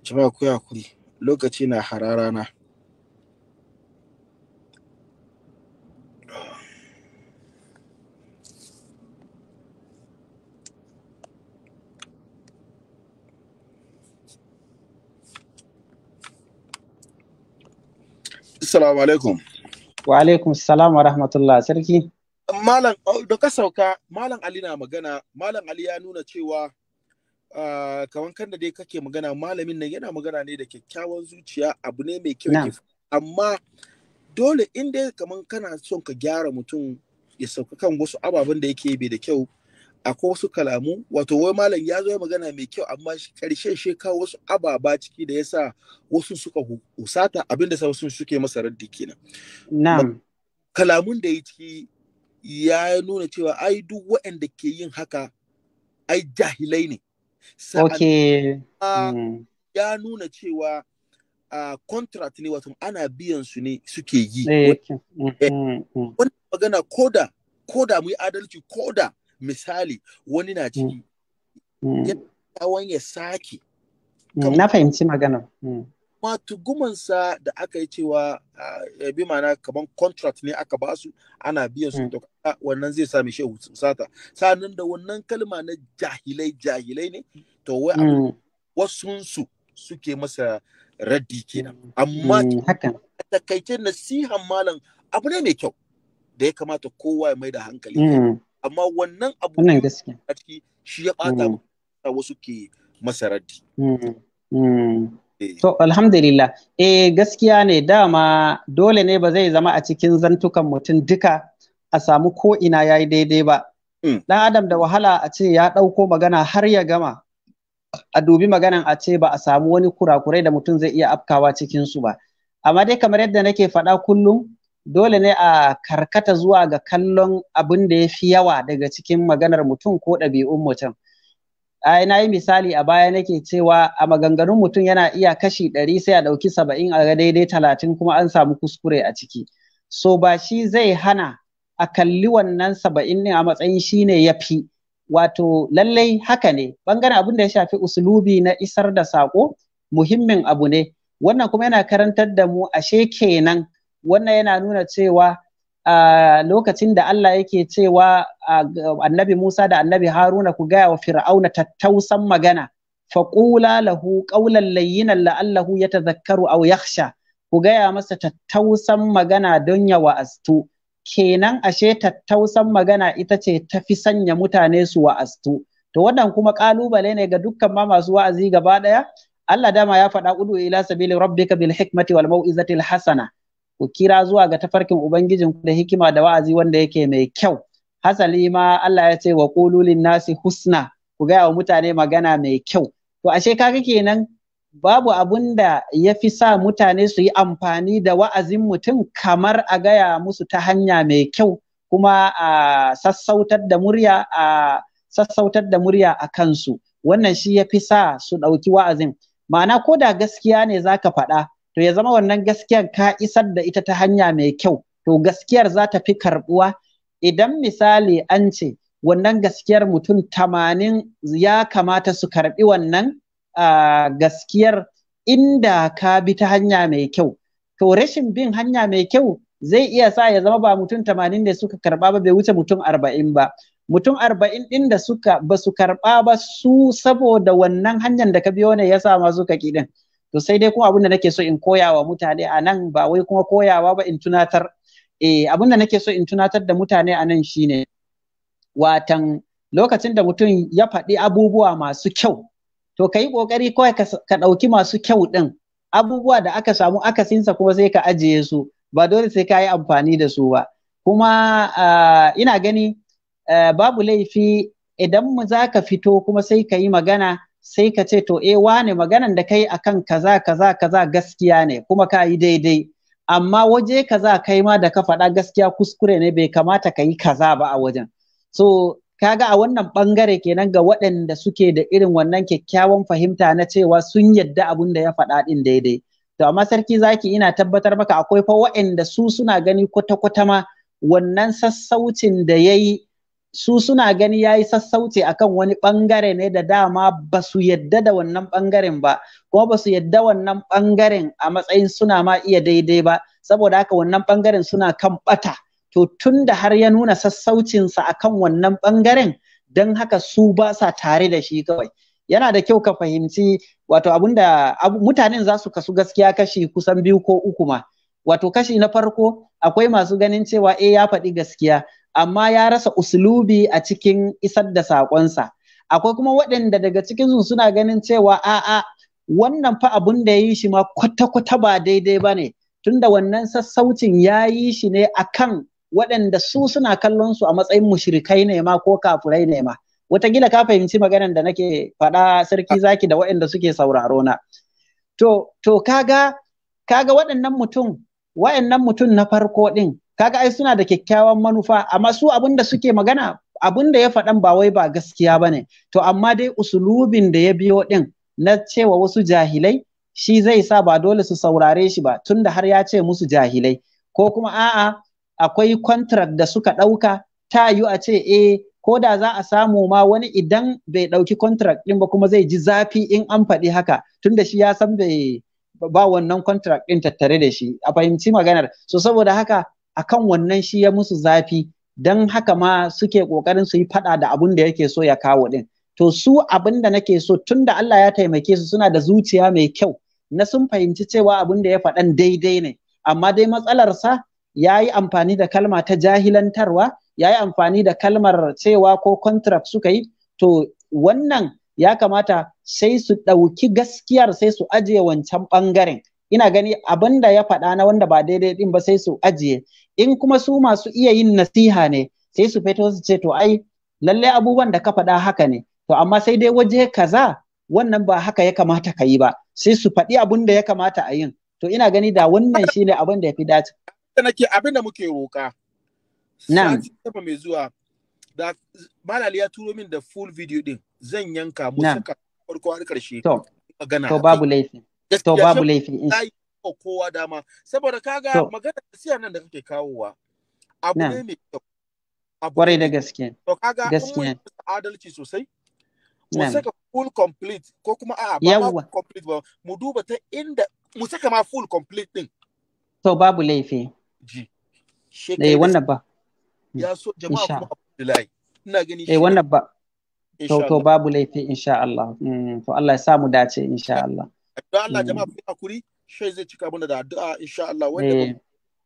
Jama'a ku hakuri, lokaci na hararana. Assalamu alaikum. Wa alaikum salam wa rahmatullah sarki. Malam da ka sauka Malam Ali na magana Malam Ali ya nuna cewa uh, kawan kan da dai kake magana malamin nan yana magana ne da kyakkyawan zuciya abu ne mai kyau amma dole in dai kaman kana son ka gyara mutum ya sauka kan wasu ababen da yake bai da kyau akwai wasu kalamu wato wai malam ya zo ya magana mai kyau amma karshe shi kawo wasu ababa ciki da yasa wasu suka husata abinda sa wasu suke masa raddi kenan na kalamun da ya ciki ya nuna cewa ai duk waɗanda ke yin haka ai jahilai ne okay. Mm. ya nuna cewa a contract ne wato ana biyan su ne suke yi eh, mm, mm, wannan magana koda koda mu yi adalci koda misali wani na mm. ciki mm. tsawon ya sake mm. na fahimci magana ma tugumansa da aka yi cewa ya ah, bi mana kamar contract ne aka ba su ana biyan su to wannan zai sami shi sata sanan da wannan kalma na jahilai jahilai ne to wai wasun su suke masa raddi kenan amma takaice nasihan malam abu ne mai kyau da ya kamata kowa ya mai da hankali amma wannan abu gaskiya shi ya bata hmm. wasu ke masaradi hmm. hmm. eh. To alhamdulillah eh gaskiya ne dama dole ne ba zai zama a cikin zantukan mutum duka a samu ko ina yayi daidai ba ɗan adam da wahala a ce ya ɗauko magana har ya gama a dubi maganan a ce ba a samu wani kurakurai da mutum zai iya afkawa cikinsu ba amma dai kamar yadda nake faɗa kullum dole ne a karkata zuwa ga kallon abin da ya fi yawa daga cikin maganar mutum ko ɗabi'un mutum ai na yi misali a baya nake cewa a maganganun mutum yana iya kashi ɗari sai a ɗauki saba'in a ga daidai talatin kuma an samu kuskure a ciki so ba shi zai hana a kalli wannan saba'in ne a matsayin shi ne ya fi wato lallai haka ne bangaren abin da ya shafi usulubi na isar da saƙo muhimmin abu ne wannan kuma yana karantar da mu ashe kenan wannan yana nuna cewa a lokacin da Allah yake cewa annabi Musa da annabi Haruna ku gaya wa Fir'auna tattausan magana faƙula lahu ƙaulan layyinan la'allahu ya tazakkaru au yakhsha ku gaya masa tattausan magana don ya wa'astu kenan ashe tattausan magana ita ce ta fi sanya mutane su wa'astu to wannan kuma ƙalubale ne ga dukkan ma masu wa'azi gaba daya Allah dama ya faɗa udu ila sabili rabbika bil hikmati wal mau'izatil hasana ku kira zuwa ga tafarkin ubangijin ku da hikima da wa'azi wanda yake mai kyau hasali ma Allah ya ce wa qulu nasi husna ku gaya wa mutane magana mai kyau to ashe kaga kenan babu abun da ya fi sa mutane su yi amfani da wa'azin mutum kamar a gaya musu ta hanya mai kyau kuma a sassautar da murya a sassautar da murya a kansu wannan shi ya fi sa su ɗauki wa'azin ma'ana ko da gaskiya ne zaka faɗa to ya zama wannan gaskiyar ka isar da ita ta hanya mai kyau to gaskiyar za ta fi karbuwa idan misali an ce wannan gaskiyar mutum tamanin ya kamata su karbi wannan gaskiyar inda ka bi ta hanya mai kyau to rashin bin hanya mai kyau zai iya sa ya zama ba mutum tamanin da suka karba ba bai wuce mutum arba'in ba mutum arba'in ɗin da suka ba su karɓa ba su saboda wannan hanyar da ka biyo ne ya sa ma suka kiɗin to sai dai kuma abin nake so in koya wa mutane a nan ba wai kuma koyawa ba in tunatar eh abin nake so in tunatar da mutane a nan shine watan lokacin da mutum ya faɗi abubuwa masu kyau to ka yi ƙoƙari kawai ka ɗauki masu kyau ɗin abubuwa da aka samu akasinsa kuma sai ka ajiye su ba dole sai ka yi amfani da su ba kuma uh, ina gani uh, babu laifi idan mu za ka fito kuma sai ka yi magana sai ka ce to eh wane maganan da kai akan kaza kaza kaza gaskiya ne kuma ka yi daidai amma waje kaza kai ma da ka faɗa gaskiya kuskure ne bai kamata ka yi kaza ba a wajen so kaga a wannan bangare kenan ga waɗanda suke da irin wannan kyakkyawan fahimta na cewa sun yadda abun da ya faɗa ɗin daidai to amma sarki zaki ina tabbatar maka akwai fa waɗanda su suna gani kwata-kwata ma wannan sassaucin da ya yi su suna gani ya yi sassauci kan wani bangare ne da dama ba su yadda da wannan bangaren ba kuma ba su yadda wannan bangaren a matsayin suna ma iya daidai ba saboda haka wannan bangaren suna kan bata to tun da har ya nuna sassaucinsa kan wannan bangaren don haka su ba sa tare da shi kawai yana da kyau ka fahimci wato abinda mutanen za su kasu gaskiya kashi kusan biyu ko uku ma wato kashi na farko akwai masu ganin cewa eh ya faɗi gaskiya amma ya rasa usulubi a cikin isar da saƙonsa akwai kuma waɗanda daga cikinsu suna ganin cewa a'a wannan fa abun da ya yi shi ma kwata-kwata ba daidai ba ne tunda wannan sassaucin ya yi shi ne akan waɗanda su suna kallon su a matsayin mushrikai ne ma ko kafurai ne ma wataƙila ka fahimci maganar da nake faɗa sarki zaki da waɗanda suke sauraro na to to kaga kaga waɗannan mutum waɗannan mutum na farko ɗin kaga ai suna da kyakkyawan manufa amma su abin suke magana abin ya faɗan ba wai ba gaskiya bane to amma dai usulubin da ya biyo din na cewa wasu jahilai shi zai sa ba dole su saurare shi ba tunda har ya ce musu jahilai ko kuma a'a akwai contract da suka ɗauka ta yiwu a ce eh ko da za a samu ma wani idan bai ɗauki contract ɗin ba kuma zai ji zafi in an faɗi haka tunda shi ya san bai ba wannan contract ɗin tattare da shi a fahimci maganar so saboda haka akan wannan shi ya musu zafi don haka ma suke ƙoƙarin su yi faɗa da abin da yake so ya kawo ɗin. To su abin da nake so tun da Allah ya taimake su suna da zuciya mai kyau na sun fahimci cewa abin da ya faɗan daidai ne amma dai matsalarsa ya yi amfani da kalma ta jahilantarwa ya yi amfani da kalmar cewa ko contract suka yi to wannan ya kamata sai su ɗauki gaskiyar sai su ajiye wancan ɓangaren ina gani abin da ya faɗa na wanda ba daidai ɗin ba sai su ajiye in kuma su masu iya yin nasiha ne sai su fito su ce to ai lalle abubuwan da ka faɗa haka ne to amma sai dai waje kaza wannan ba haka ya kamata ka yi ba sai su faɗi abin da ya kamata a yin to ina gani da wannan shine abin da ya fi dace nake abin da muke roka na'am mai zuwa da malali ya turo min da full video din zan yanka mu suka farko har karshe to magana to babu laifi to babu laifi ba kowa dama saboda kaga magana da siya nan da kake kawowa abu ne mai kyau kwarai da gaske to kaga gaske adalci sosai mu saka full complete ko kuma a ba ma complete ba mu duba ta inda mu saka ma full complete din to babu laifi ji eh wannan ba ya so jama'a kuma Abdullahi ina gani eh wannan ba to to babu laifi insha Allah mm, to Allah ya samu dace insha Allah Allah mm. jama'a ku hakuri shai zai cika mana da addu'a insha Allah wanda ba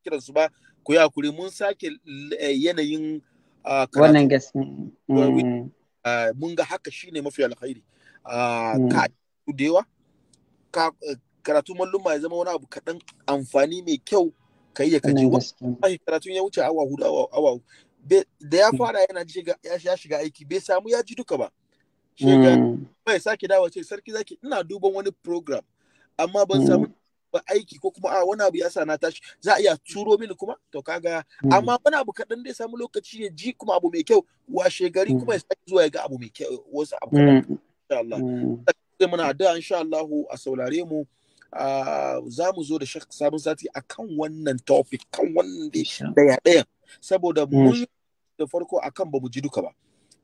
kiran su ba ku yi hakuri mun sake eh, yanayin ah, wannan gaskiya mm. eh, mun ga haka shine mafi alkhairi ah, mm. ka da ka eh, karatu malluma ya zama wani abu kaɗan amfani mai kyau ka yi ya kaji wani karatun ya wuce awa hudu awa da ya mm. fara yana ya shiga aiki bai samu ya ji duka ba shiga bai sake dawo ce sarki zaki ina duban wani program amma ban samu aiki ko kuma a wani abu ya sana tashi za a iya turo mini kuma to kaga amma hmm. wani abu kaɗan dai samu lokaci ya ji kuma abu mai kyau washe gari kuma ya hmm. sake zuwa ya ga abu mai kyau wasu abu hmm. kaɗan muna da insha Allah a saurare mu za mu zo da sabon sati a kan wannan topic kan wannan daya daya saboda mun da farko akan ba mu ji duka ba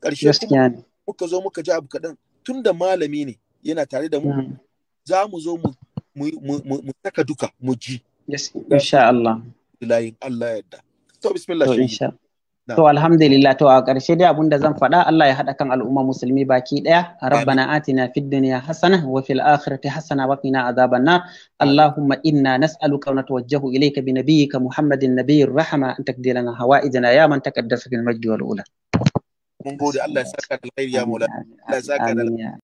ƙarshe kuma muka zo muka ji abu kaɗan tun da malami ne yana tare da mu za mu zo mu mu saka duka mu ji insha Allah layin Allah yadda to bismillah to insha To alhamdulillah to a ƙarshe dai abinda zan faɗa Allah ya haɗa kan al'umma musulmi baki ɗaya rabbana atina fid dunya hasana wa fil akhirati hasana wa qina adhaban nar allahumma inna nas'aluka wa natawajjahu ilayka bi nabiyyika muhammadin nabiyyir rahama. an takdira lana hawaijana ya man taqaddasa fil majdi wal ula mun gode Allah ya saka da ya maula Allah ya saka da